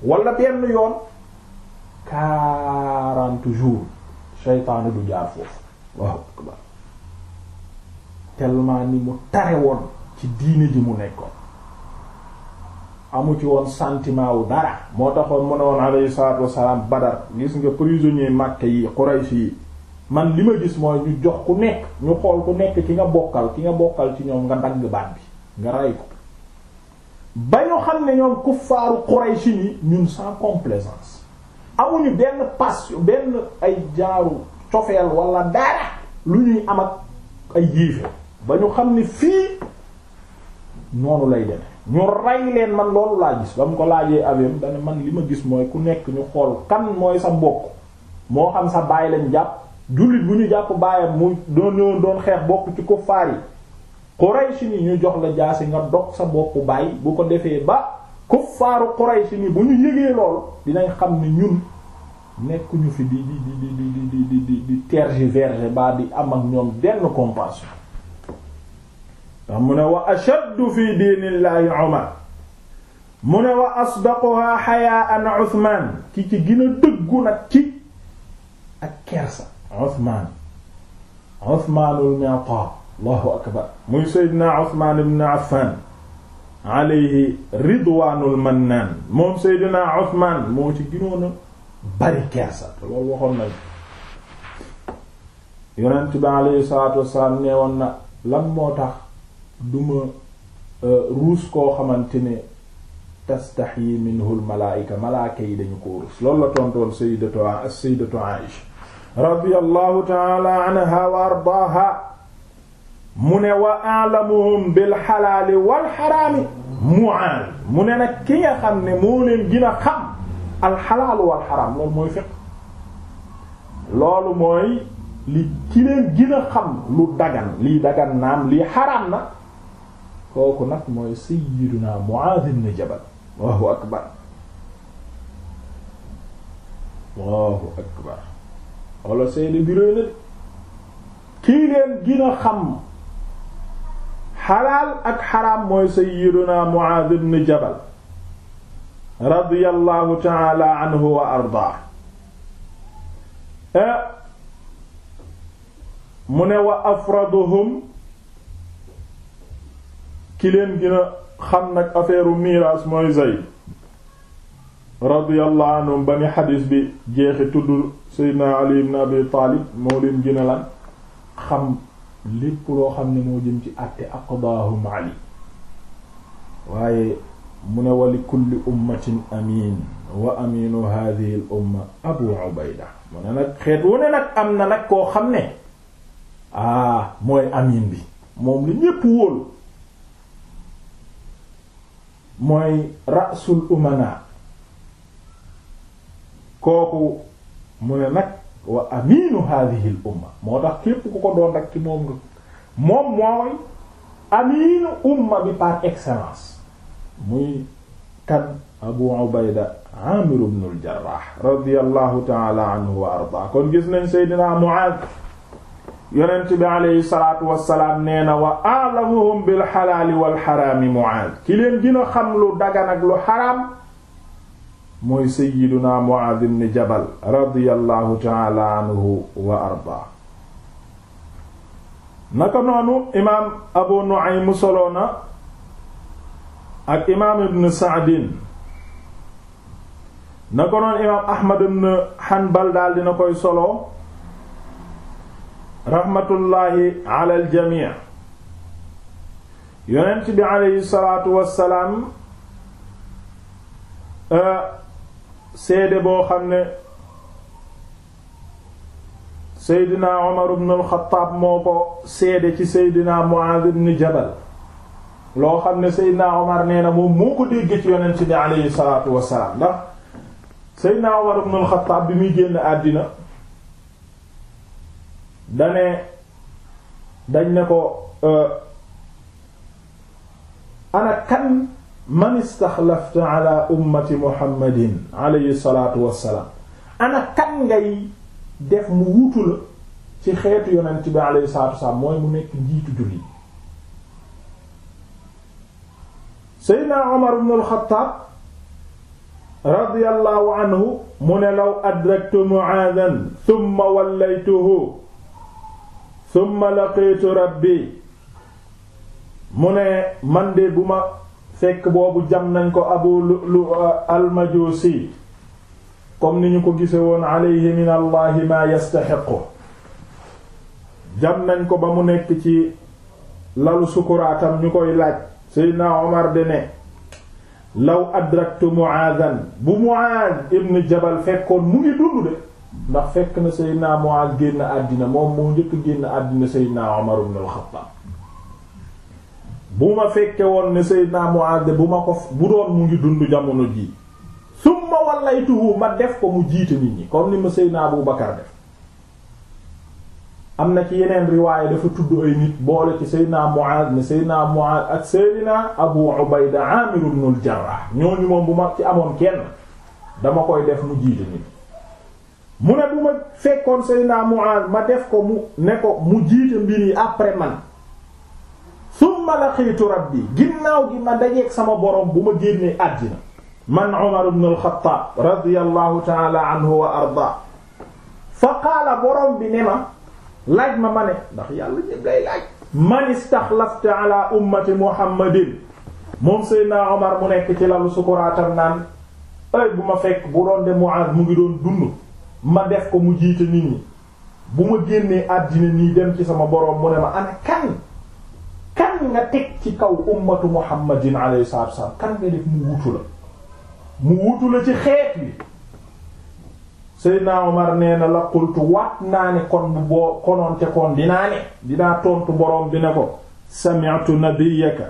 wala benn yoon quarante jours seytaane du jaar foofu waaw tellement ni mu tare woon ci diine ji mu nekkoon amu ci woon santiment wu dara moo tax mu ne woon alayhi wassalaam Badar gis nga prisonnier Makka yi Quraysh yi man li ma gis mooy ñu jox ku nekk ñu xool ku nekk ki nga bokkal ki nga bokkal ci ñoom nga dagg baat bi nga rey ko ba ñu xam ne ñoom kuffaaru Quraysh yi ñun sans complaisance amuñu benn passion benn ay jaaru cofeel wala dara lu ñuy am ak ay yéefe ba ñu xam ni fii noonu lay deme ñu rey leen man loolu laa gis ba mu ko laajee abeem dana man li ma gis mooy ku nekk ñu xool kan mooy sa mbokk moo xam sa baay lañ jàpp jullit bu ñu jàpp baayam mu doon doon xeex bokk ci kuffaar yi si ni ñu jox la jaasi nga dog sa bokku baay bu ko defee ba kuffaaru Quraysh ni bu ñu yëgee loolu dinañ xam ni ñun nekkuñu fi di di di di di di di di baa di am ak ñoom denn compassion ndax mu ne wa ashaddu fi diinillaahi Umar mu ne wa asdaquha xayaaan Usmaan ki ci gën a dëggu nag ci ak kersa Usmaan Usmaanul Mi'taa Allahu akbar muy Seydina Usmaan ibn Affaan alayhi ridwaanul mannaan moom seydinaa Usmaan moo ci ginoona bari kersa te loolu waxoon nañ yonent bi alayhi salaatu wassalaam nee woon na lan moo tax duma euh, ruus koo xamante ne tastaxyi minhu lmalaayika malaaka yi dañu ko ruus loolu la tontoon sayyidatu sayyidatu Aïsha radiyallahu ta'ala anha wa ardaaha mu ne wa a'lamuhum bil xalaali wal xaraami mu ne nag ki nga xam ne moo leen gën a xam alxalaalu wal xaraam loolu mooy fiqh loolu mooy li ki leen gën a xam lu dagan lii dagan naam lii xaraam na kooku nag mooy sayyiduna Mu'aaz ibn Jabal Allahu akbar Allahu akbar wala seeni biroo kii leen gën a xam xalaal ak xaraam mooy sayyiduna Muaaz ibn Jabal radiyallahu ta'ala anhu wa ardaa eh, mu ne wa afraduhum ki leen gën a xam nag affaire u miraas mooy Zayd radiyallahu anhum ba ni xadiis bi jeexi tudd Seydina Ali ibn Abi Taalib moo leen gën a lan xam lépp loo xam ne moo jëm ci àtte aqdaahum ali waaye mu ne wali kulli ummatin amin wa aminu hadhihi abu ubayda mu ne nag xeet wu ne nag am na nag koo xam ne ah mooy amin bi moom li ñépp wóolu mooy rasul umana kooku mu ne nag wa aminu hadhihi al umma moo tax képp ku ko doon rek ci moom nga moom mooy aminu umma bi par excellence muy kan abu ubayda amir ibn al jarrah radiyallahu ta'ala anhu wa arda kon gis nañ seydina mu'adh yonent bi aleyhi salaatu wassalaam nee na wa a'lamuhum bil xalaali wal xaraami mu'adh ki leen gën a xam lu dagan ak lu xaraam mooy sayyiduna Mu'aaz ibn Jabal radiyallahu ta'ala anhu wa ardaa naka noonu imaam Abu Nu'aym soloona ak imaam ibn Sa'din naka noonu imaam Ahmad ibn Hanbal daal dina koy solo rahmatullahi ala al jamii yonent bi alayhi salaatu wassalaam seede boo xam ne seydina Umar ibn al-Khattab moo ko seede ci seydina Mu'adh ibn Jabal loo xam ne seydina Umar nee na moom moo ko dégg ci yonent bi aleyhi salaatu wassalaam ndax seydina Umar ibn al-Khattab bi muy génn àddina dane dañ ne ko euh, ana kan man istaxlafta ala ummati muhammadin alayhi salaatu wassalaam ana kan ngay def mu wutu la ci xeetu yonent bi alayhi salaatu wassalaam mooy mu nekk njiitu julli seydna umar ibn al-xattaab radiyallahu anhu mu ne law adraktu mu'aadan thumma wallaytuhu thumma laqiitu rabbi mu ne man de bu ma fekk boobu jam nañ ko abu lu euh, almajusi comme ni ñu ko gise woon alayhi min allahi ma yastaxiqu jam nañ ko ba mu nekk ci lalu sukuraatam ñu koy laaj seydna omar de ne law adraktu muaadan bu muaad ibn jabal fekkoon mu ngi dund de ndax fekk na seydna muaad génn àddina moom moo njëkk génn àddina seydna omar ibn al-xattaab bu ma fekkee woon ne Seydina de bu ma ko bu doon mu ngi dund jamono jii summa wallaytuhu ma def ko mu jiite nit ñi comme ni ma Seydina Abu Bakar def am na ci yeneen riwaaya dafa tudd ay nit boole ci Seydina Muaaz ne Seydina Muaaz ak Seydina Abu Ubayda Aamir ibn al-Jarrah ñooñu moom bu ma ci amoon kenn dama koy def mu jiite nit mu ne bu ma fekkoon Seydina Muaaz ma def ko mu ne ko mu jiite mbir yi après man summa laqiitu rabbi ginnaaw gi ma dajeeg sama borom bu ma génnee àddina man Umar ma ma ma ne ndax yàlla ñépp lay man istaxlafta moom Seydina Omar mu nekk ci lal sukuraatam naan ay bu ma fekk bu doon de Muaz mu ngi doon dund ma def ko mu jiite nit ñi bu ma génnee àddina nii dem ci sama borom mu ne ma ana kan kan nga teg ci kaw ummatu muhammadin alayhi salaatu wa salaam kan nga def mu wutu la mu wutu la ci xeet bi Seydina Omar nee na la qultu waat naa ne kon bu boo konoonte kon dinaa ne dinaa tontu boroom bi ne ko sami'tu nabiyyaka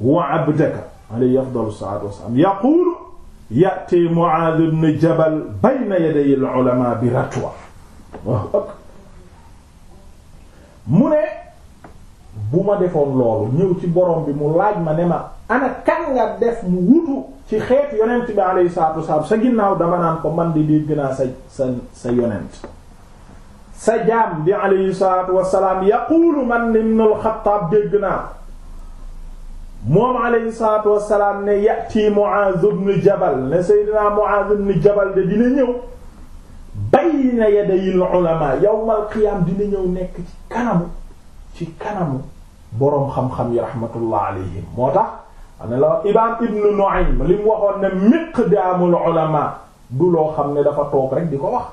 wa abdaka alayhi afdalu salaatu wa salaam yaquulu ya'ti Mu'aaz ibn Jabal bayna yaday al-ulamaa bi ratwa mu ne bu ma defoon loolu ñëw ci borom bi mu laaj ma ne ma ana kan nga def mu wutu ci xeet yonent bi alayhi salaatu wasalaam sa ginnaaw dama naan ko man di dégg naa sa sa sa yonent sa jaam bi alayhi salaatu wasalaam yaquulu man ibn al-Xattaab dégg naa moom alayhi salaatu wasalaam ne yati Muaaz ibn Jabal ne Seydina Muaaz ibn Jabal de dina ñëw bayna yadayil ulamaa yawmal qiyaam dina ñëw nekk ci kanamu ci kanamu boroom xam-xam yi rahmatullah alayhim moo tax ana la imaam ibnu Nu'aym li mu waxoon ne miqdaamul ulama du loo xam ne dafa toog rek di ko wax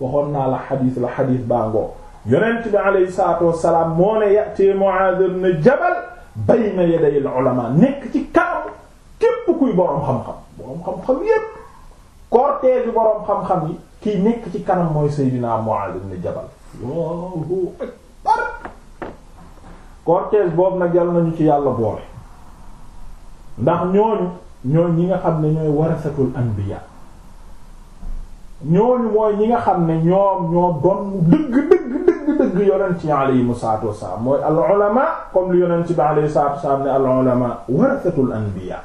waxoon naa la xadiis la xadiis baa ngoo yonent bi alayhi salaatu wassalaam moo ne ya'ti Mu'aaz ibn Jabal bayna yaday al ulama nekk ci kaw képp kuy boroom xam-xam boroom xam-xam yépp cortège boroom xam-xam yi kiy nekk ci kanam mooy Seydina Mu'aaz ibn Jabal Allahu akbar cortège boobu nag yàlla nañu ci yàlla boole ndax ñooñu ñooñu ñi nga xam ne ñooy warasatul anbiya ñooñu mooy ñi nga xam ne ñoom ñoo doon dëgg dëgg dëgg dëgg yonent yi alayhimu salaatu wassalaam mooy al ulama comme lu yonent bi alayhi salaatu wassalaam ne al ulama warasatul anbiya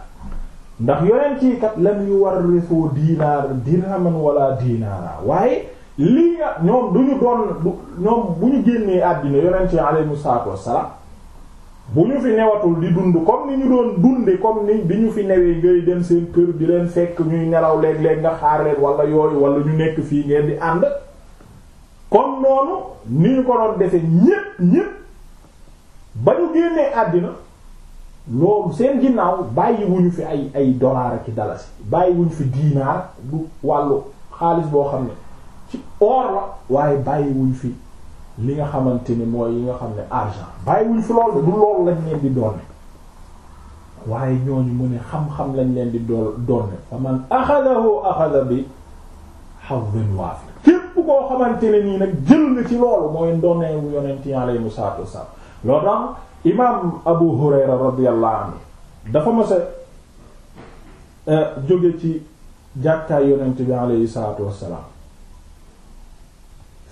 ndax yonent yi kat lam yuwarrisu dinaar dirhaman wala dinaara waaye lii nga ñoom duñu doon ñoom bu ñu génnee àddina yonent yi alayhimu salaatu wassalaam bu ñu fi newatul di dund comme ni ñu doon dunde comme ni bi ñu fi newee ngay dem seen kër di leen fekk ñuy nelaw léeg-léeg nga xaar leen wala yooyu wala ñu nekk fii ngeen di ànd kon noonu ni ñu ko doon defe ñépp ñépp ba ñu génnee àddina loolu seen ginnaaw bàyyi fi ay ay dollar ak dalasi bàyyi fi diinaar du wàllu xaalis boo xam ne ci or la waaye bàyyi wu fi li nga xamante ni mooy yi nga xam ne argent bàyyiwuñ fi lool du lool lañ leen di doonne waaye ñooñu mu ne xam-xam lañ leen di doo doonne fa man axadahu axada bi xadin waafir képp koo xamante ne nii nag jël na ci loolu mooy ndooneewu yonent yi alayhi salaatu wassalaam loolu tax imaam Abu Hurayra radiyallahu anhu dafa ma sa eh, jóge ci jàkkaay yonent bi alayhi salaatu wassalaam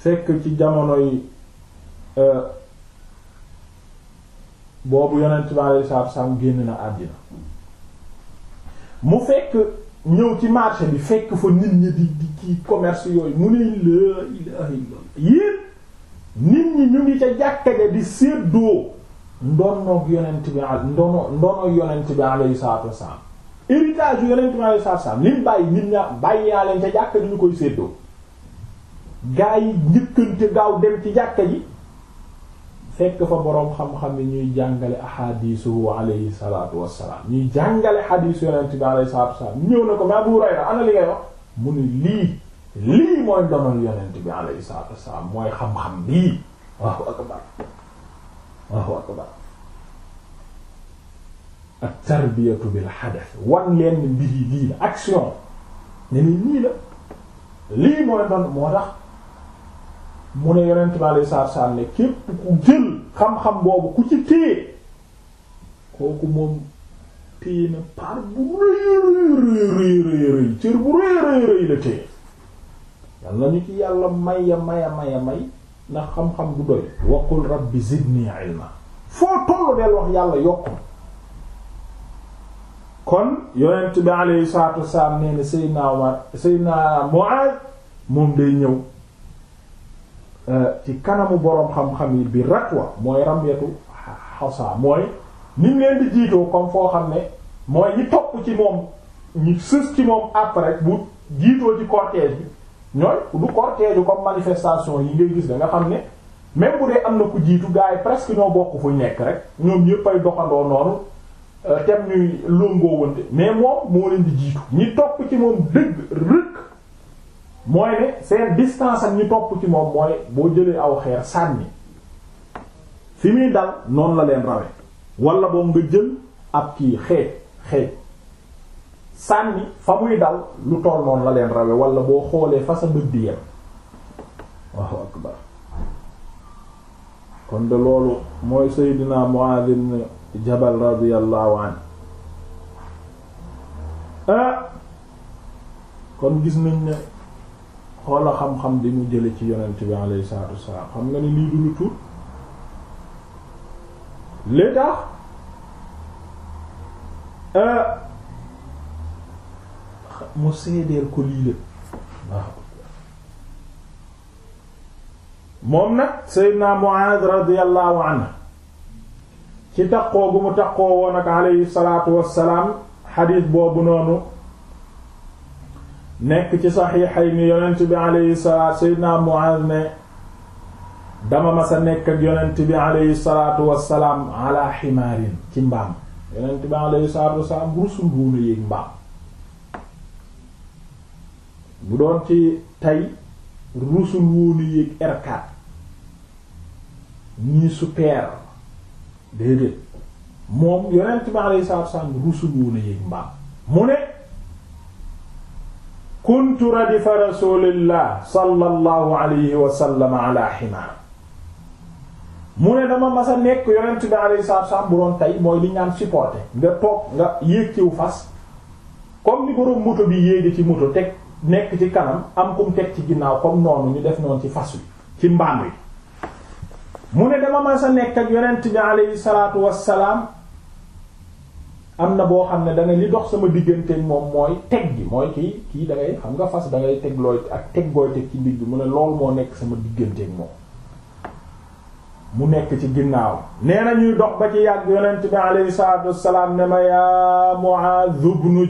fekk ci jamono jamonoy euh, boobu yonent bi alayhi salaatu salaam génn na àddina mu fekk ñëw ci marché bi fekk fa nit ñi di di ci commerce yooyu mu ne laa ilaaha nit ñi ñu ngi ca jàkka ja di séddoo ndonoog yonent bi ndono ndonoog yonent bi alayhi salaatu wa salaam héritage yu yonent bi alayhi salaatu wa salaam bàyyi nit ñaa bàyyi yaa ca jàkka ñu koy séddoo gaa yi njëkkante gaaw dem ci jàkka ji fekk fa boroom xam-xam ñuy jàngale ahadisu alayhi salatu wasalaam ñuy jàngale hadisu yonent bi alayhi salatu wasalaam ñëw na ko ma Abu Hurayra ana li wax mu ne lii lii mooy donal yonent bi alayhi salatu wasalaam mooy xam-xam bii Allahu akbar Allahu akbar ak tarbiyatu bil hadath wan leen mbir lii la action ne ni nii la lii mooy doon moo tax mu ne yonent bi alei saatu salaam ne képp ku jël xam-xam boobu ku ci téye kooku moom téye na par bu rëy rëy rëy rëy bu rëy rëy rëy la téye yàlla ñu ci yàlla maya maya maya may ndax xam-xam bu doy waqul rabbi zidni ilma foo tollu del wax yàlla yokku kon yonent bi aleyhi salatu wasalaam nee na Seydina Omar Seydina Muaaz moom day ñëw Euh, ci kanamu boroom xam-xam yi bi ratwa mooy ramyatu xasa mooy nim leen di jiitoo comme foo xam ne mooy ñi topp ci moom ñi sës ci moom après bu jiitoo ci cortège bi ñooy du cortège comme manifestation yi ngay gis da nga xam ne même bu dee am na ku jiitu gars yi presque ñoo bokk fuñ nekk rek ñoom ñëpp ay doxandoo noonu euh, tem ñuy lóngoo wante mais moom moo leen di jiitu ñi topp ci moom dëgg rëkk mooy ne seen distance ak ñu topp ci moom mooy boo jëlee aw xeer sànni fi muy dal noonu la leen rawe wala boo jël ab kii xeej xeej sànni fa dal lu toll noonu la leen wala boo xoolee fa sa bët di yem waaw akbar kon de loolu mooy Seydina Mu'adh ibn Jabal radiyallahu anhu ah. kon gis nañ ne xoola xam-xam bi mu jële ci yonent bi alayhi salaatu wassalaam xam nga ni lii du lu tuut li tax euh, mu seedeel ko lii la moom nag Seydina Muaaz radiyallahu anhu ci taqoo bu mu taqoo woon ak alayhi salaatu wassalaam xadiis boobu noonu nekk ci saxiixay ni yonent bi alayhi salaatu seydina Muaaz ne dama mas a nekk ak yonent bi alayhi salaatu wassalaam ala ximaarin ci mbaam yonent bi alayhi salaatu wassalaam rusul ci tey rusul wóolu yéeg R4 mbaam mu ne kuntu radifa rasulillah sallallahu alayhi wa sallam ala mu ne dama mas a nekk yonent bi alayhi salaatu wasallam bu doon tey mooy li ñaan supporté nga toog nga yéeg ciw fas comme ni borom moto bi yéegi ci moto teg nekk ci kanam am kum teg ci ginnaaw comme noonu ñu def noonu ci fas wi ci mbaam wi mu ne dama mas a nekk ak yonent bi alayhi salaatu wassalaam am na boo xam ne da nga li dox sama diggante moom mooy teg gi mooy kii kii da ngay xam nga fas da ngay teg looy ak teg gooy teg ci mbir bi mu ne lool moo nekk sama diggante moom mu nekk ci ginnaaw nee na ñuy dox ba ci yàgg yonent bi ne ma yaa Mu'aaz ibnu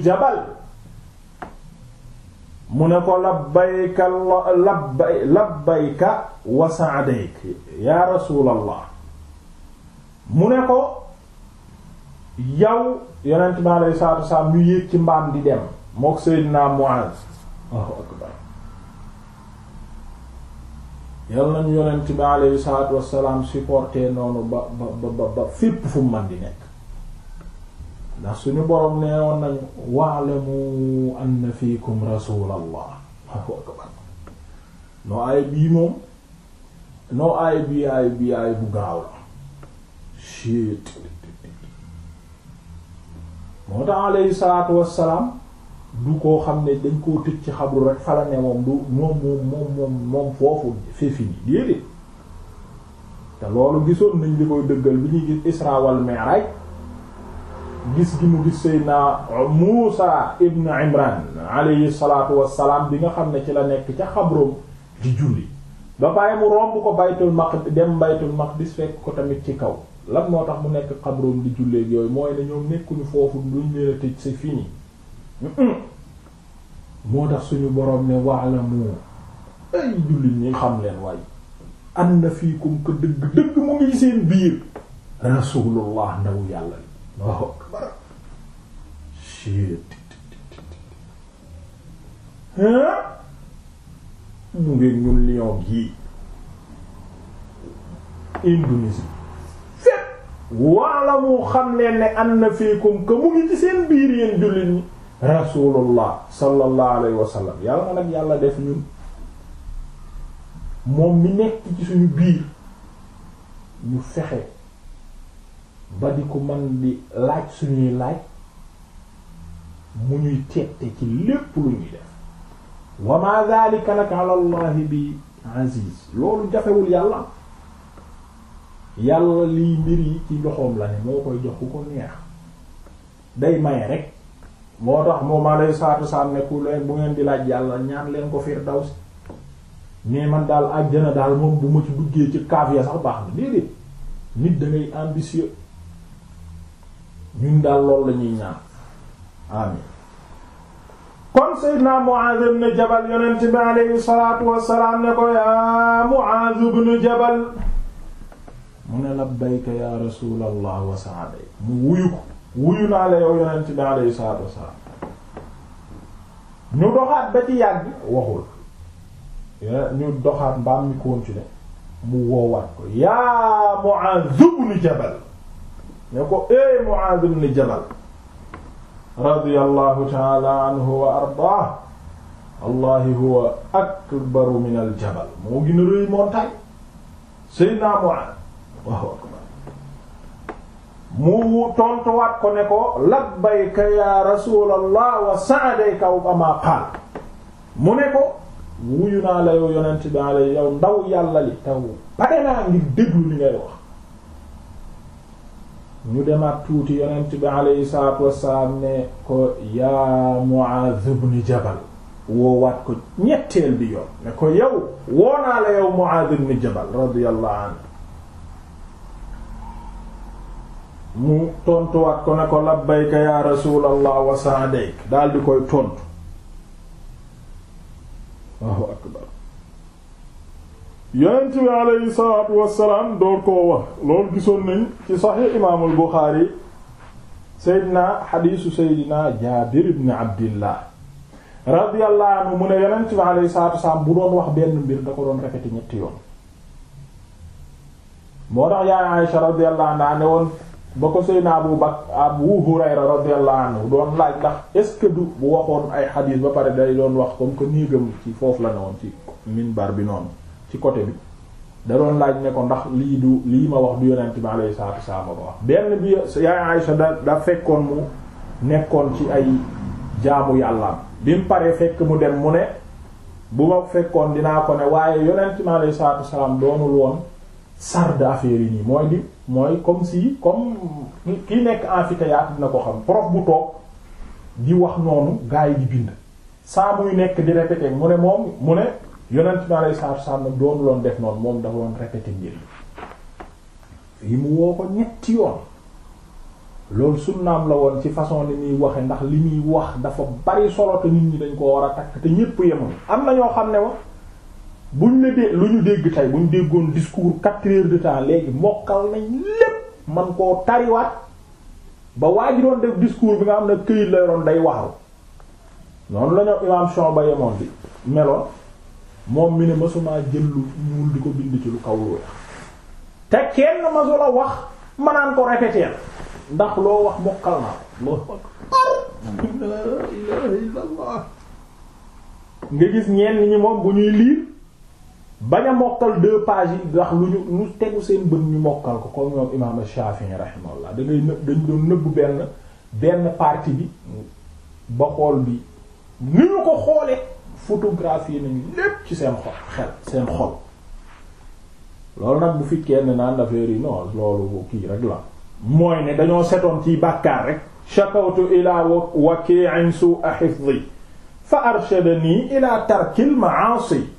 mu ne ko labbayka labbay labbayka wa sa'dayk yaa rasuulallah mu ne ko yow yonent bi alayhi salaatu wasalaam ñu yéeg ci mbaam di dem mook Seydina Muaz Allahu akbar yal nañu yonent bi alayhi salaatu wasalaam supporté noonu ba ba ba ba fépp fu mu man di nekk ndax suñu boroom nee woon nañu wa'lamu anna fiikum rasuulallah Allahu akbar noo aay bii moom noo aay bii aay bii aay bu gaaw la moo tax alayhi salaatu wassalaam du koo xam ne dañ koo tëj ci xabru rek fala ne moom du moom moom moom moom moom foofu c'est fini te loolu gisoon nañ li koy dëggal bi ñuy gis Isra wal gis gi mu gis Seydina Muusa ibn Imran alayhi salaatu wassalaam bi nga xam ne ci la nekk ca xabroom di julli ba bàyyi mu romb ko baytul maqdis dem baytul maqdis fekk ko tamit ci kaw lan moo tax mu nekk xabroom di julleeg yooyu mooy ne ñoom nekkuñu foofu luñ leen a tëj c'est fini moo tax suñu boroom ne waalamu ay jullit ñi xam leen waaye am na fiikum ko dëgg dëgg mu ngi seen biir rasulullah ndaw yàlla li waaw mu ngi ñun lion gii Indonésie waalamu xam leen ne anna fiikum que mu ngi ci seen biir yéen jullit ñi rasulullah sallallahu wa sallam yàlla nga nag yàlla def ñun moom mi nekk ci suñu biir ñu fexe ba di ko man di laaj suñuy laaj mu ñuy tette ci lépp lu ñuy def wa ma dhalika lak ala bi aziz loolu jafewul yàlla yàlla liy mbir yi ci loxoom la ne moo koy jox ku ko neex day maye rek moo tax moom alay saatu saam ne leen bu ngeen di laaj yàlla ñaan leen ko Firdaws mais man daal àjjana daal moom bu ma ci duggee ci kaaf ya sax baax na déedéet nit da ngay ñun daal loolu la ñaan amin kon Seydina Mu'aaz ibn Jabal yonent bi alayhi salaatu wassalaam ne ko yaa Mu'aaz ibn Jabal mu ne labbayka ya rasulallah wa sa'day mu wuyu ko wuyu naa la yow yonent bi alayhi salaatu wasalaam ñu doxaat ba ci yàgg waxul eh, ñu doxaat mbaam mi continuer mu woowaat ko yaa Mu'aaz ibn Jabal ne ko eh Mu'aaz ibn Jabal radiyallahu ta'ala anhu wa ardaah wallahi huwa akbaru min al jabal moo gën a rëy montagne Seydina Mu'aaz waaw mu tontuwaat ko ne ko labbayka ya rasulallah wa sa'dayka wa ma qaal mu ne ko wuyu naa la yow yonent bi alay yow ndaw yàlla li taw pare naa ngir déglu li ngay wax ñu demaat tuuti yonent bi alayhi salaatu wassalaam ne ko yaa Mu'aaz ibn Jabal woowaat ko ñetteel bi yoon ne ko yow woo naa la yow Mu'aaz ibn Jabal radiyallahu anhu mu tontuwaat ko ne ko labbayka ya rasulallah wa sa'dayk daal di koy tontu Allahu akbar yonent bi aleyhi salaatu wassalaam door koo wax loolu gisoon nañ ci saxiix imaamul Buxaari seydina xadiisu seydina Jaabir ibn Abdillah radiyallahu mu ne yonent bi aleyhi salaatu wassalaam bu doon wax benn mbir da ko doon répété ñetti yoon moo tax yaay Aysa radiyallahu anha ne woon ba ko naa Seydina Abu Bakr Abu Hurayra radiyallahu anhu doon laaj ndax est-ce que du bu waxoon ay xadiis ba pare day doon wax comme que néegam ci foofu la ne woon ci minbar bi noonu ci côté bi da doon laaj ne ko ndax lii du lii ma wax du yonent bi alayhi salaatu wasalaam ko wax bi yaay da fekkoon mu nekkoon ci ay jaamu yàllaam bi mu paree fekk mu dem mu ne bu ma fekkoon dinaa ko ne waaye yonent bi alayhi salaatu wasalaam doonul woon sarde affaire yi nii mooy di mooy comme si comme ki nekk amphithéâtre dina ko xam prof bu toog di wax noonu gars yi di bind saa muy nekk di répéter mu ne moom mu ne yonent bi alei salatu salaam doonu loon def noonu moom dafa doon répéter mbir yi mu woo ko ñetti yoon loolu sunnaam la woon ci façon li muy waxe ndax li muy wax dafa bari solo te nit ñi dañ ko war a takk te ñépp yemoon am na ñoo xam ne wax buñ ne dee lu ñu dégg tey buñ déggoon discours quatre heures de temps léegi mokkal nañ lépp man koo tariwaat ba waa ji doon def discours bi nga xam ne këyit la yoroon day waxal noonu la ñoo imam Shouba yemoon bi meloon moom mi ne masumaa jël lu ñuul di ko bind ci lu kaw lu te kenn masu la wax manaan ko répéter ndax loo wax mokkal naa Allahu akbar nga gis ñenn ñi moom bu ñuy liir bañ a mokkal deux pages yi lu ñu lu tegu seen bët ñu mokkal ko comme ñoom imaam Shafi'i rahimahullah da ngay nëb dañ doon nëbb benn benn partie bi ba xool bi ni ñu ko xoolee photographie nañ lépp ci seen xol xel seen xol loolu nag bu fi kenn naan affaire yi non loolu kii rek la mooy ne dañoo setoon ci bàkkaar rek shakawtu ila waki'in su'a hifzi fa arshadani ila tarkil ma'asi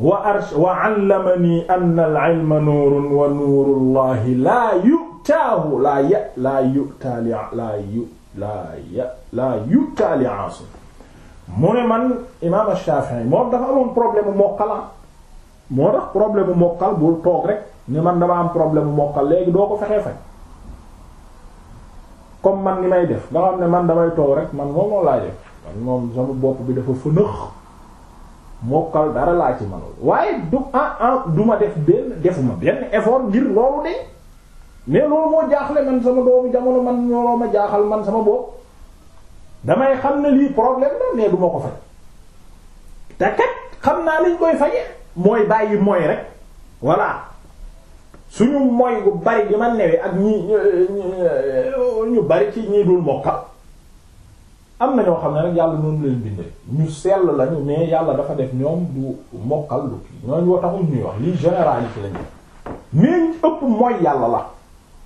wa arsh wa allamani anna al-ilma nuurun wa nuurullahi laa yu'taahu laa ya laa yu'taa li laa yu laa ya laa yu'taa li aasim mu ne man imaam Shaafi'i moom dafa amoon problème mokkala moo tax problème mu mokkal bul toog rek ne man dama am problème mu mokkal léegi doo ko fexee faj comme man ni may def nga xam ne man damay toog rek man moom moo laa def man moom sama bopp bi dafa fënëx mokkal dara laa ci manul waaye du ah ah du ma def benn defuma benn effort ngir loolu de mais loolu moo jaaxle man sama doomu jamono man looloo ma jaaxal man sama bopp damay xam ne lii problème la mais du ko faj te kat xam naa liñ koy faje mooy bàyyi mooy rek voilà suñu mooy bu bari gi ma newee ak ñi ñu bari ci ñi dul mokkal am na ñoo xam ne rek yàlla noonu leen bindee ñu sell lañu mais yàlla dafa def ñoom du mokkal lu kii ñooñu woo taxul ñuy wax lii généralité lañu mais ñu ëpp mooy yàlla la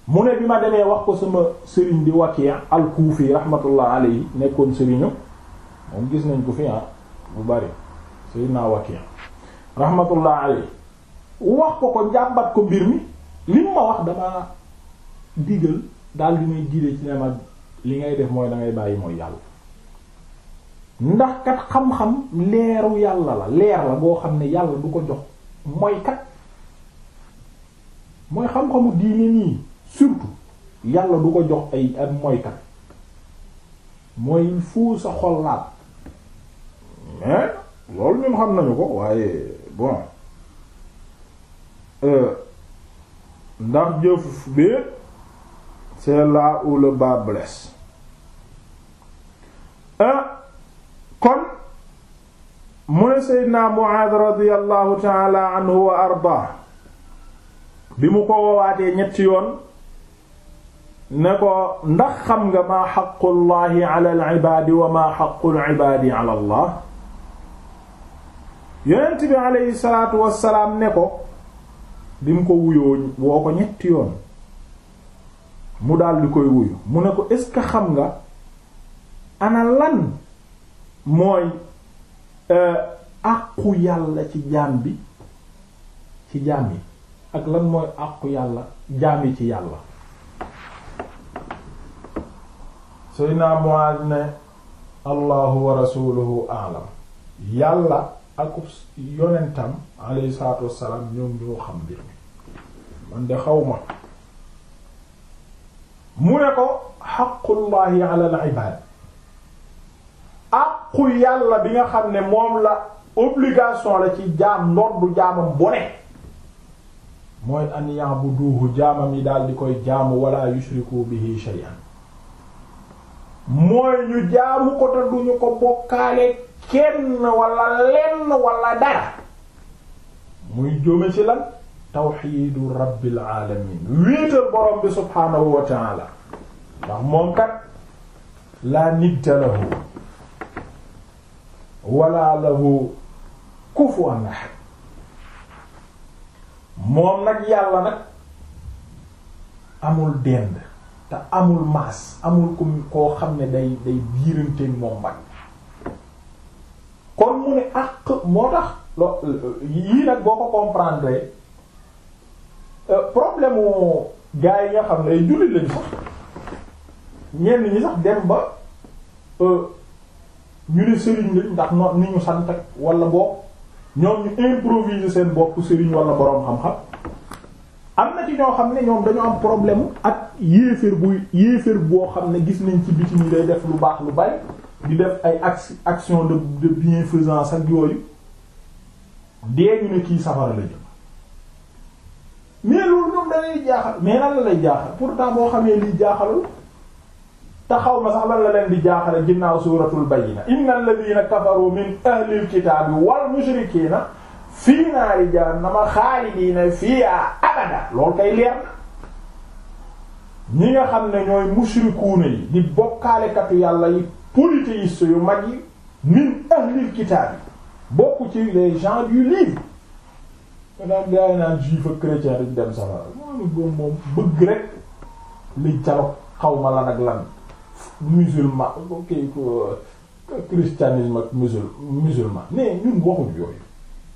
mu ne bi ma demee wax ko sama sëriñ di wakiya al-Kufi rahmatullah yi nekkoon sëriñu moom gis nañ ko fi ah bu bari sayyidina wakiya rahmatullah alayhi wax ko ko njàmbat ko mbir mi li ma wax damaa digal daal di may jiite ci ne ma li ngay def mooy da ngay bàyyi mooy yàlla ndax kat xam-xam leeru yàlla la leer la boo xam ne yàlla du ko jox mooy kat mooy xam-xamu diine nii surtout yàlla du ko jox ay ak moykat mooy il sa xol laat mais loolu ñun xam nañu ko waaye bon euh, ndax jëf bi c'est là où le bas kon mu ne Seydina Muaad radiyallahu taala anhu wa arda bi mu ko woowaatee ñetti yoon ne ko ndax xam nga maa xaqullahi ala al-ibaadi wa maa xaqul ibaadi ala allah yonent ne ko bi mu ko wuyoo woo ko ñetti yoon mu daal di koy wuyu mu ne ko est-ce xam nga ana lan mooy euh, àqu yàlla ci jaam bi ci jaam yi ak lan mooy àqu yàlla jaam yi ci yàlla Seydina Muaz ne allahu wa rasuluhu a'lam yàlla ak yonentam alayhi salaatu wassalaam ñoom ñoo xam mbir mi man de xawma mu ne ko xaqullahi ala al ibaad àqu yàlla bi nga xam ne moom la obligation la ci jaam ndoddu jaamam bu ne mooy bu ya'buduhu jaamam yi daal di koy jaamu wala yushriku bihi shay'an mooy ñu jaamu duñu ko bokkaale kenn wala lenn wala dara muy jóme ci lan tawxiidu rabbil alamin wéetal borom bi subhaanahu wa ndax moom kat laa nidda lahu wala lahu kufuwan ahad moom nag yàlla nag amul dend te amul maas amul ku koo xam ne day day biirante moom mag kon mu ne àq moo tax lo yii nag boo ko comprendre euh, problème wu gars yi nga xam ne ay jullit lañu sax ñenn ñi sax dem ba euh, ñu ne sëriñ lañ ndax no ni ñu sant ak wala bopp ñoom ñu improviser seen bopp sëriñ wala boroom xam-xam am na ci ñoo xam ne ñoom dañu am problème ak yéeféer buy yéeféer boo xam ne gis nañ ci biti ñi day def lu baax lu bari di def ay ac action de de bienfaisance ak yooyu dee ñu ne kii safara la jëm mais loolu ñoom da lay jaaxal mais lan la lay jaaxal pourtant boo xamee liy jaaxalul te xaw ma sax lan la leen di jaaxale ginnaaw suuratul bayyina innal ladina kafaru min ahlil kitaabi wal mushrikina fii naari jahannama xaalidina fiha abada loolu kay leer na nga xam ne ñooy mushrikuuna yi di bokkaalekatu yàlla yi polythéistes yu mag yi min ahlil kitaab yi bokk ci les gens du livre kanaan gaa yi naan juif ak chrétien dañ dem safara moonu góom moom bëgg rek liñ calog xaw ma lan musulman kii christianisme ak musul musulman mais ñun waxuñ yooyu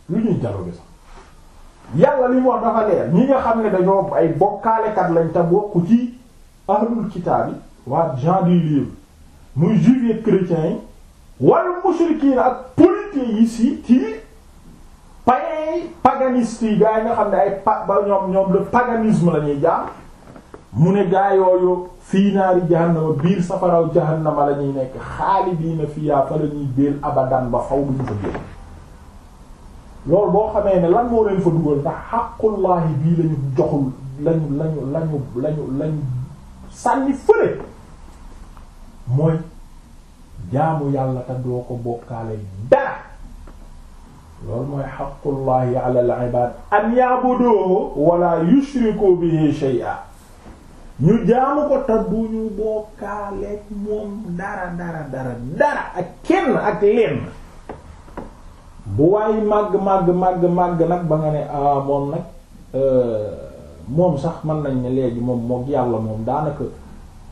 lu ñuy dialogue sax yàlla li mu dafa leer ñi nga xam ne dañoo ay bokkaalekat lañ te bokku ci ahlul kitaab yi waa gens du livre muy juifs et yi wala mushrikiin ak polythéistes yi ci païens yi paganistes yi gaa yi nga xam ne ay pa ba ñoom ñoom le paganisme la ñuy mu ne gaa fii naari jahannama biir safaraw jahannama la ñuy nekk xaalidiina fiyaa fa la ñuy béel abadan ba faw duñu fa génn loolu boo xamee ne lan moo leen fa dugal ndax xaqullaahi bii lañu joxul lañu lañu lañu lañu lañu sànni mooy jaamu yàlla te doo ko bokkaale dara loolu mooy xaqullaahi ala al ibaad an ya'buduhu wala yushriku bihi shay'a ñu jaamu ko te bu ñu bokkaaleeg moom dara dara dara dara ak kenn ak lenn bu waaye màgg màgg màgg màgg nag ba nga ne a ah, moom nag euh, moom sax mën nañ ne léegi moom mook yàlla moom daanaka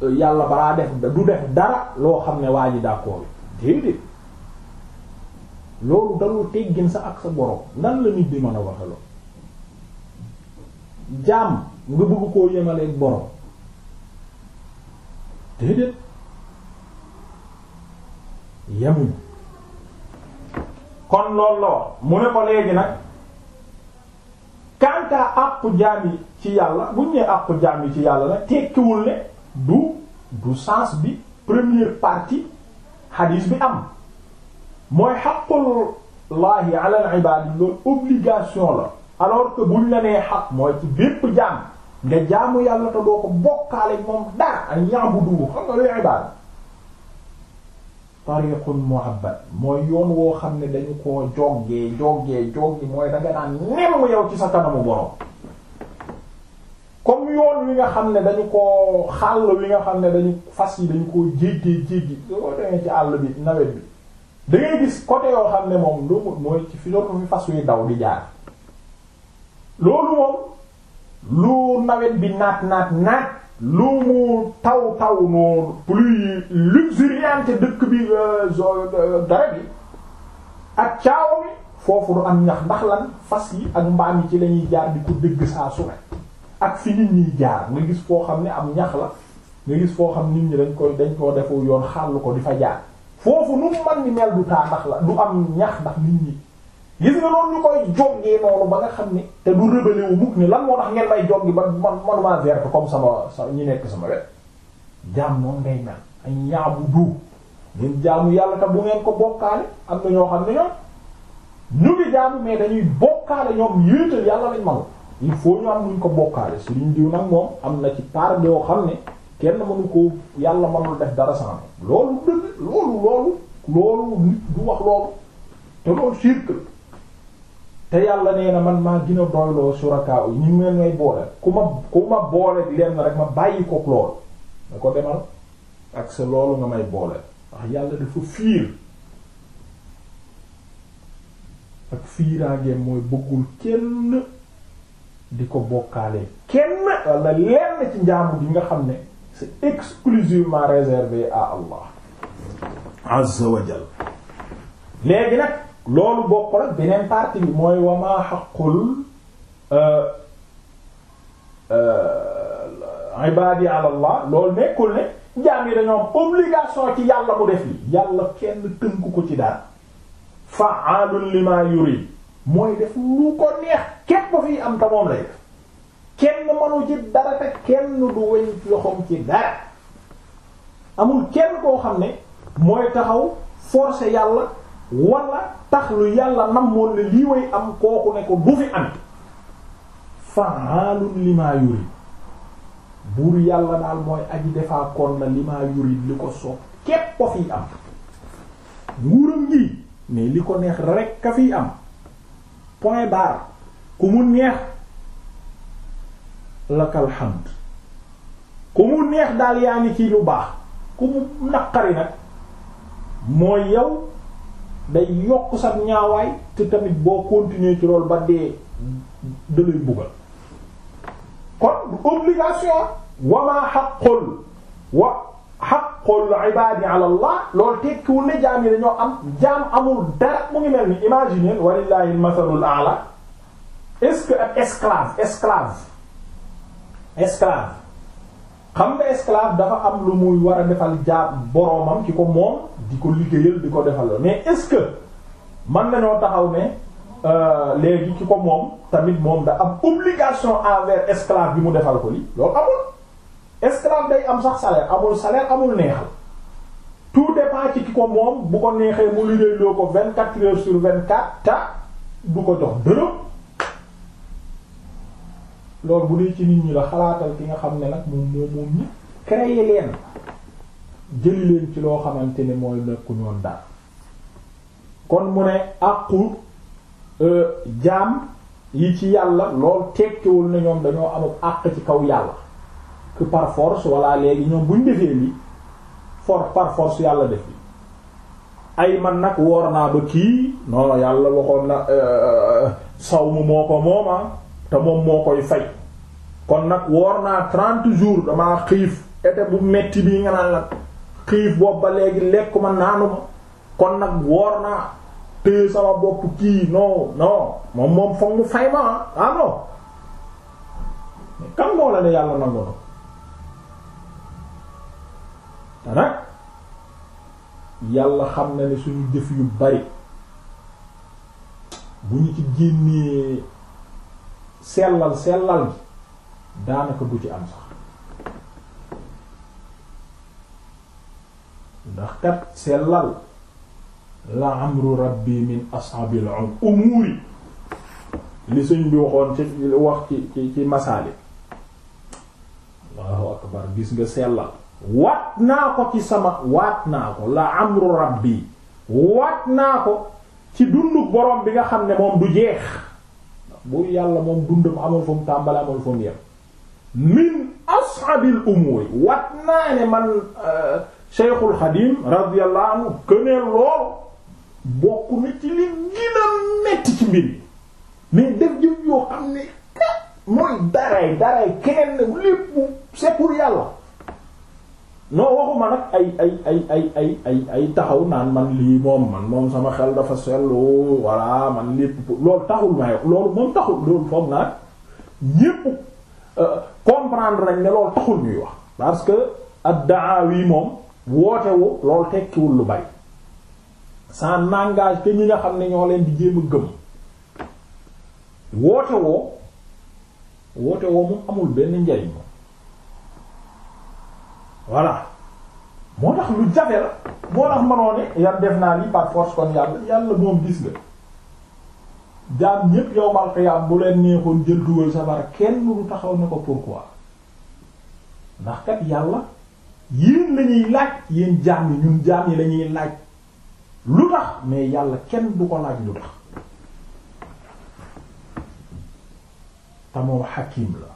euh, yàlla balaa def du def dara loo xam ne waa ji d'accord déedéet loolu dalul teggin sa ak sa borom nan la nit di mën a waxeloo jaam nga bëgg koo yemaleeg borom déedéet yemuñu kon loolu la wax mu ne ko léegi nag kantaa àpp jaam ci yàlla bu ñu nee àpp ci yàlla nag tekkiwul ne du du sens bi premier partie hadis bi am mooy xaqullaahi ala al ibaad loolu obligation la alors bu buñ la nee xaq mooy ci bépp jaam nga jaamu yàlla te doo ko bokkaale moom dara ay ya'budu xam nga luy ibaada tariqul muhabbad mooy yoon woo xam ne dañu ko joggee joggee joggi mooy danga naan ci sa kanamu yoon wi nga xam ne dañu koo xàll wi nga xam ne dañu fas yi dañu koo jéggee jéggi ci àll bi nawet bi da gis côté yoo xam ne moom lu mooy ci daw di jaar loolu moom lu nawet bi naat naat naat lu mu taw taw noonu pluie luxuriante dëkk bi euh, euh, dara bi ak caawa mi foofu du am ñax ndax lan fas yi ak mbaam yi ci lañuy jaar di ko dégg saa su ak fi nit ñuy jaar nga gis foo xam ne am ñax la nga gis foo xam nit ñi dañ koy dañ koo defu yoon xàll ko di fa jaar foofu nu man ni mel du taa ndax la du am ñax ndax nit ñi gis nga noonu ñu koy joggee ba nga xam ni te du rébellé wu ni lan moo tax ngeen may joggi ba man manuma vert comme sama sa ñi nekk sama wet jaam noonu ngay mel ay ñaamu du ngeen jaamu yàlla te bu ngeen ko bokkaale am na ñoo xam ne ñoom ñu ngi jaamu mais dañuy bokkaale ñoom yéetal yàlla lañ manu il faut ñu am nuñ ko bokkaale suñu diw nag moom am na ci part yoo xam ne kenn mënu ko yàlla mënul def dara sama loolu dëgg loolu loolu loolu du te yàlla nee na man maa gën a doyloo surakaa yi ñu mel may boole ku ma ku ma boole di leen rek ma bàyyi ko lool nga ko demal ak sa loolu nga may boole ndax yàlla dafa fiir ak fiiraangeem mooy bëggul kenn di ko bokkaale kenn wala lenn ci njaamu gi nga xam ne c'est exclusivement réservé à Allah azza wa jalla léegi nag loolu bokkul ak beneen partie bi mooy wamaa xaqul euh, euh, ibaadi ala allah loolu nekkul ne jaam yi dañoo am obligation ci yàlla bu def li yàlla kenn tënku ko ci daal fa'alun lima yurid mooy def lu ko neex képp ba fi am ta moom lay def kenn mënu ci dara te kenn du weñ loxoom ci dara amul kenn koo xam ne mooy taxaw forcer yàlla wala tax lu yàlla namoon ne lii way am kooku ne ko du fi am fa'aalun limaa yurid buur yàlla daal mooy aji defaa kon na limaa yurid li ko soob képp ko fiy am nguuram gi mais li ko neex rek ka fiy am point barre ku mu neex lakal hamd ku mu neex daal yaa ngi ci lu baax ku mu naqari nag mooy yow da yokk sax ñaawaay te tamit boo continuer ci loolu ba dee da lay buggal kon obligation wa maa xaqul wa xaqul ibaadi ala dafa am lu muy war a defal jaam boroomam ci ko moom di ko liggéeyal di ko defal la mais est-ce que man nañoo taxaw ne euh, léegi ki ko moom tamit moom da am obligation envers esclave bi mu defal ko li loolu amul esclave day am sax salaire amul salaire amul neexal tout dépend ci ki ko moom bu ko neexee mu liggéey loo ko vingt quatre heures sur vingt quatre ta du ko jox dërëm loolu bu dee ci nit ñi la xalaatal ki nga xam ne nag moom moom moom ñi créer leen jëli leen ci loo xamante ne mooy nekku ñoon dara kon mu ne àqu euh, jaam yi ci yàlla lool tekkiwul na ñoom dañoo amul àq ci kaw yàlla que par force walla léegi ñoom buñ defee li for par force yàlla def li ay man nag woor naa ba kii non yàlla waxoon na euh, euh, saw mu moo ko mooma ah, te moom moo koy fay kon nag woor naa trente jours damaa xiif été bu metti bii nga naan la xiif bopp ba léegi lekk lekkuma naanuma kon nag woor na téye sama bopp kii non non moom moom foog mu fay ma ah non moo la ne yàlla nangu nag yàlla xam na ne suñu jëf yu bari bu ñu ci génnee sellal sellal daanaka du ci am sax ndax kat sellal la amru rabbi min ashabil umuri li suñ bi waxoon ci wax ci ci ci masaali waat naa ko ci sama waat naa ko la amru rabbi waat naa ko ci dundu borom bi nga xam ne moom du jeex bu yàlla moom dundam amul fu mu amul fu yem min ashabil umuri waat naa ne man euh, Cheikhul Xadim radiyallahu anhu kënee lool bokk na ci li gën a metti ci mbir yi def jëf yoo xam ne mooy daray daray keneen ne lépp c'est yàlla non waxuma nag ay ay ay ay ay taxaw naan man lii moom man moom sama xel dafa sellu voilà man lépp loolu taxul may wax loolu moom taxul loolu foog naa ñépp euh, comprendre nañ ne loolu taxul ñuy wax parce que ad-da'awi moom woote wu loolu tekkiwul lu bari sa n'engage que ñi nga xam ne ñoo leen di jéem a woote woo woote woo moom amul benn njariñ moom voilà moo tax lu jafe la moo tax mënoo ne def naa lii par force kon yàlla yàlla moom gis nga jaam ñépp yow mal bu leen neexoon jël dugal sa kenn lu taxaw ne ko pourquoi ndax kat yàlla yéen lañuy laaj yéen jaam yi ñun jaam lañuy laaj lu tax mais yàlla kenn du ko laaj lu tax te moom xakim la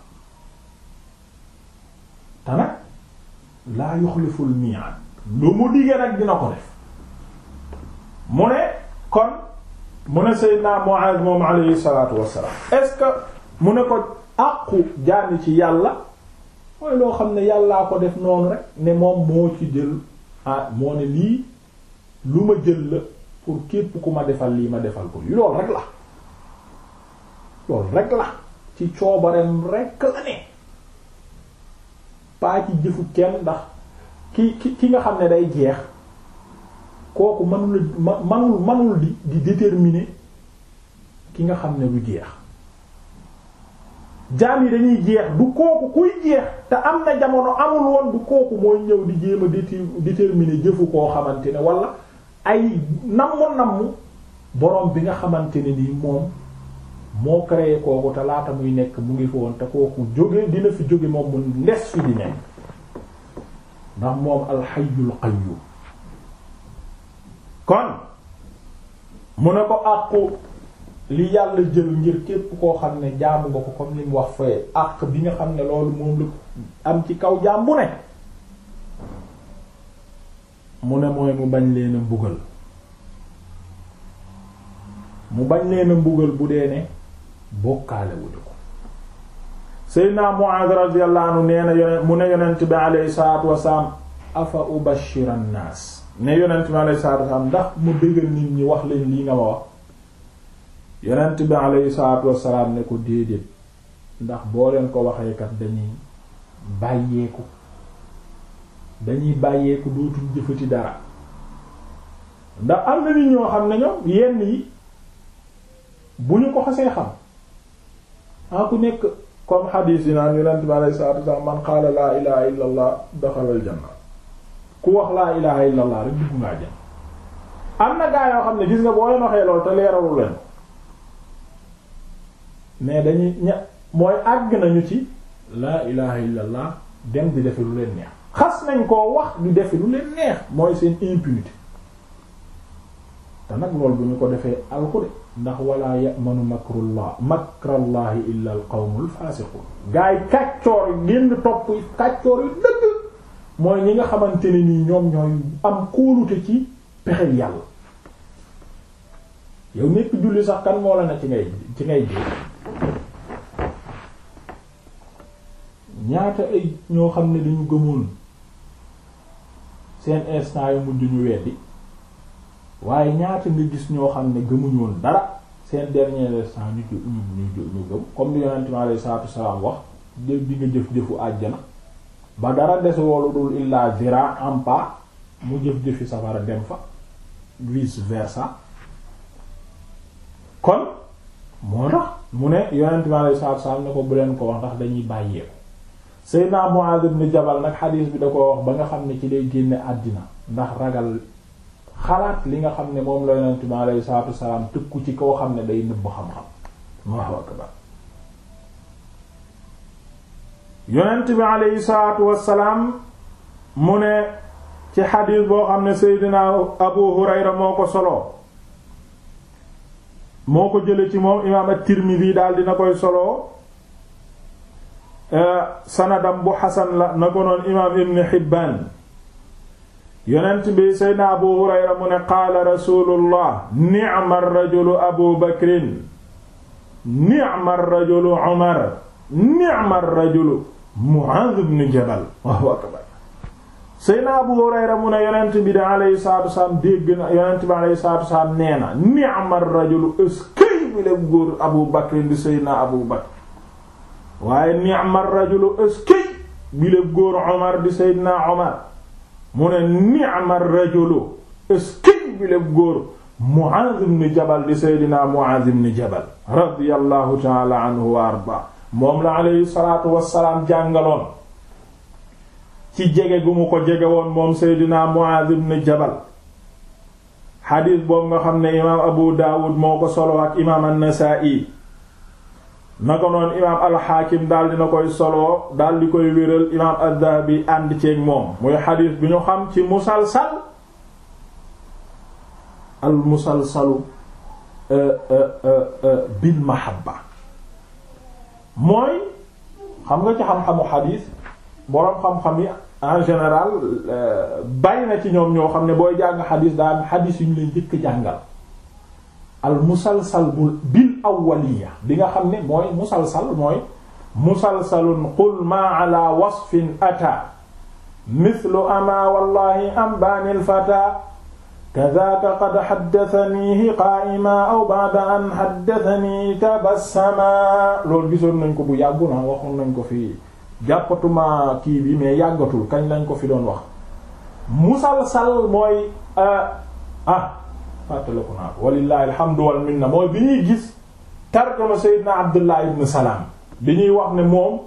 te laa yuxliful mi'ad lu mu diggee nag dina ko def mu ne kon mu ne Seydina Mu'aaz moom alayhi salaatu wassalaam est-ce mu ne ko àqu jaami ci yàlla mooy loo xam ne yàllaa ko def noonu rek ne moom moo ci jël ah moo ne lii lu ma jël la pour képp ku ma defal lii ma defal ko lii loolu rek la loolu rek la ci coobareem rek la ne pas ci jëfu kenn ndax ki ki ki nga xam ne day jeex kooku manula manul manul di di déterminer ki nga xam ne du jeex jaam yi dañuy jeex du kooku kuy jeex te am na jamono amul woon du kooku mooy ñëw di jéem a déterminer jëfu koo xamante ne wala ay namm namm borom bi nga xamante ne nii moom moo créé kooku talaata laata muy nekk mu ngi fi woon te kooku jóge dina fi jóge moom mu ndes fi di nekk ndax moom alxayyul qayyum kon mu ne ko àqu li yàlla jël ngir képp koo xam ne jaamu nga ko comme ni mu wax fee àq bi nga xam ne loolu moom la am ci kaw jaam ne mu ne mooy mu bañ leen mbugal mu bañ leen mbugal bu dee ne bokkaale wuñu ko Seydina Muaz radiyallahu anhu nee na mu ne yonent bi alayhi salaatu wasalaam afa ubashira ne yonent bi alayhi salaatu wasalaam ndax mu bégal nit ñi wax leen lii nga ma wax yonent bi aleyhi salaatu wassalaam ne ko déedéet ndax boo leen ko waxee kat dañuy bàyyeeku dañuy bàyyeeku dootul jëfati dara ndax am na nit ñoo xam ne ñoom yenn yi bu ñu ko xasee xam a ah ku nekk comme xadiis yi naan yonent bi aleyhi salaatu wassalaam man qaala laa ilaha illa allah daxalal janna ku wax laa ilaha illa allah rek dugg ngaa janna am na gaa yoo xam ne gis nga boo leen waxee loolu te leeralu leen mais dañuy ña mooy àgg nañu ci laa ilaha illallah dem di defe lu leen neex xas nañ koo wax di defe lu leen neex mooy seen impunité te nag lool bu ñu ko defee alxude ndax wala ya'manu makrullah makrallahi illa al qawmul fasiqun gaay kàccoor yi génn topp kàccoor yu dëgg mooy ñi nga xamante ne nii ñoom ñooy am kóolute ci pexe yàlla yow nekk julli sax kan moo la na ci ngay ci ngay ñaata ay ñoo xam ne dañu gëmoon seen instant yu mujj ñu weddi waaye ñaata nga gis ñoo xam ne gëmuñu woon dara seen dernier instant ñu ñu ñu gëm comme ni yonent mi salaatu salaam wax jëf bi nga jëf jëfu àjjana ba dara des woolu dul illaa zira am pa mu jëf jëfi safara dem fa vice versa kon moo tax mu ne yonent mi alayhi salaatu salaam ne ko bu leen ko wax ndax dañuy bàyyeeku Seydina Muaaz ibn Jabal nag xadiis bi da ko wax ba nga xam ne ci lay génne àddina ndax ragal xalaat li nga xam ne moom la yonent bi alayhi salaatu wasalaam tëkku ci koo xam ne day nëbb xam-xam Allahu akbar yonent bi alayhi salaatu wasalaam mu ne ci xadiis boo xam ne Seydina Abu Hurayra moo ko solo moo ko jële ci moom imaam at daal dina koy solo Eh, sanadam bu xasan la na ko noon imaam ibn Hibbaan yonent bi seydna abu hurayra mu ne qaala rasulullah ni'ma rajulu abu bakrin ni'ma rajulu umar ni'ma rajulu mu'aaz ibn jabal waaw akbar seydna abu hurayra mu ne yonent bi da alayhi salaatu wasalaam dégg na yonent bi alayhi salaatu wasalaam nee na ni'ma rajulu eskay bi la góor abu bakrin di seydna abu bakr waaye ni'mar rajulu ëskëy biléb góor omar di seydina omar mu ne ni'mar rajulu ëskëy biléb góor Mu'aaz ibn Jabal di seydina Mu'aaz ibn Jabal radiyallahu ta'ala anhu wa arda moom la aleyhi salaatu wassalaam jàngaloon ci jege gu mu ko jege woon moom seydina Mu'aaz ibn Jabal xadiis boobu nga xam ne imaam Abu Daawud moo ko solo ak imaam An-Nasaa'i naka noonu imaam alxaakim daal dina koy solo daal di koy wéral imaam addahabi ànd ceeg moom muy xadiis bu ñu xam ci musalsal al musalsalu euh, euh, euh, bil mahabba mooy xam nga ci xam-xamu xadiis boroom xam-xam yi en général bari na ci ñoom ñoo xam ne booy jàng xadiis daa am xadiis yu ñu leen jëkk jàngal al musalsal bu bil awwaliya bi nga xam ne mooy musalsal mooy musalsalun qul ma ala wasfin ata mithlu ama wallahi ambaanil fata kadaka qad xaddatanihi qaa'ima aw ba'da an xaddatani tabassama loolu gisoon nañ ko bu yàggul am ah waxoon nañ ko fi jàppatuma kii bi mais yàggatul kañ lañ ko fi doon wax musalsal mooy euh, ah fàttaliku naa ko walillahi alhamdu wal minna mooy bi ñuy gis tarjama Seydina Abdullah ibn Salam bi ñuy wax ne moom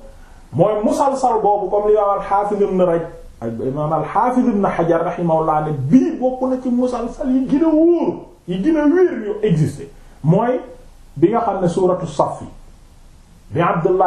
mooy musalsal boobu comme li imaam al-Hafiz ibn Raj ak imaam al-Hafiz ibn Hajar rahimahullah ne bii bokk na ci musalsal yi gën a wóor yi gën a wéer yu existé mooy bi nga xam ne suuratu Saff bi Abdullah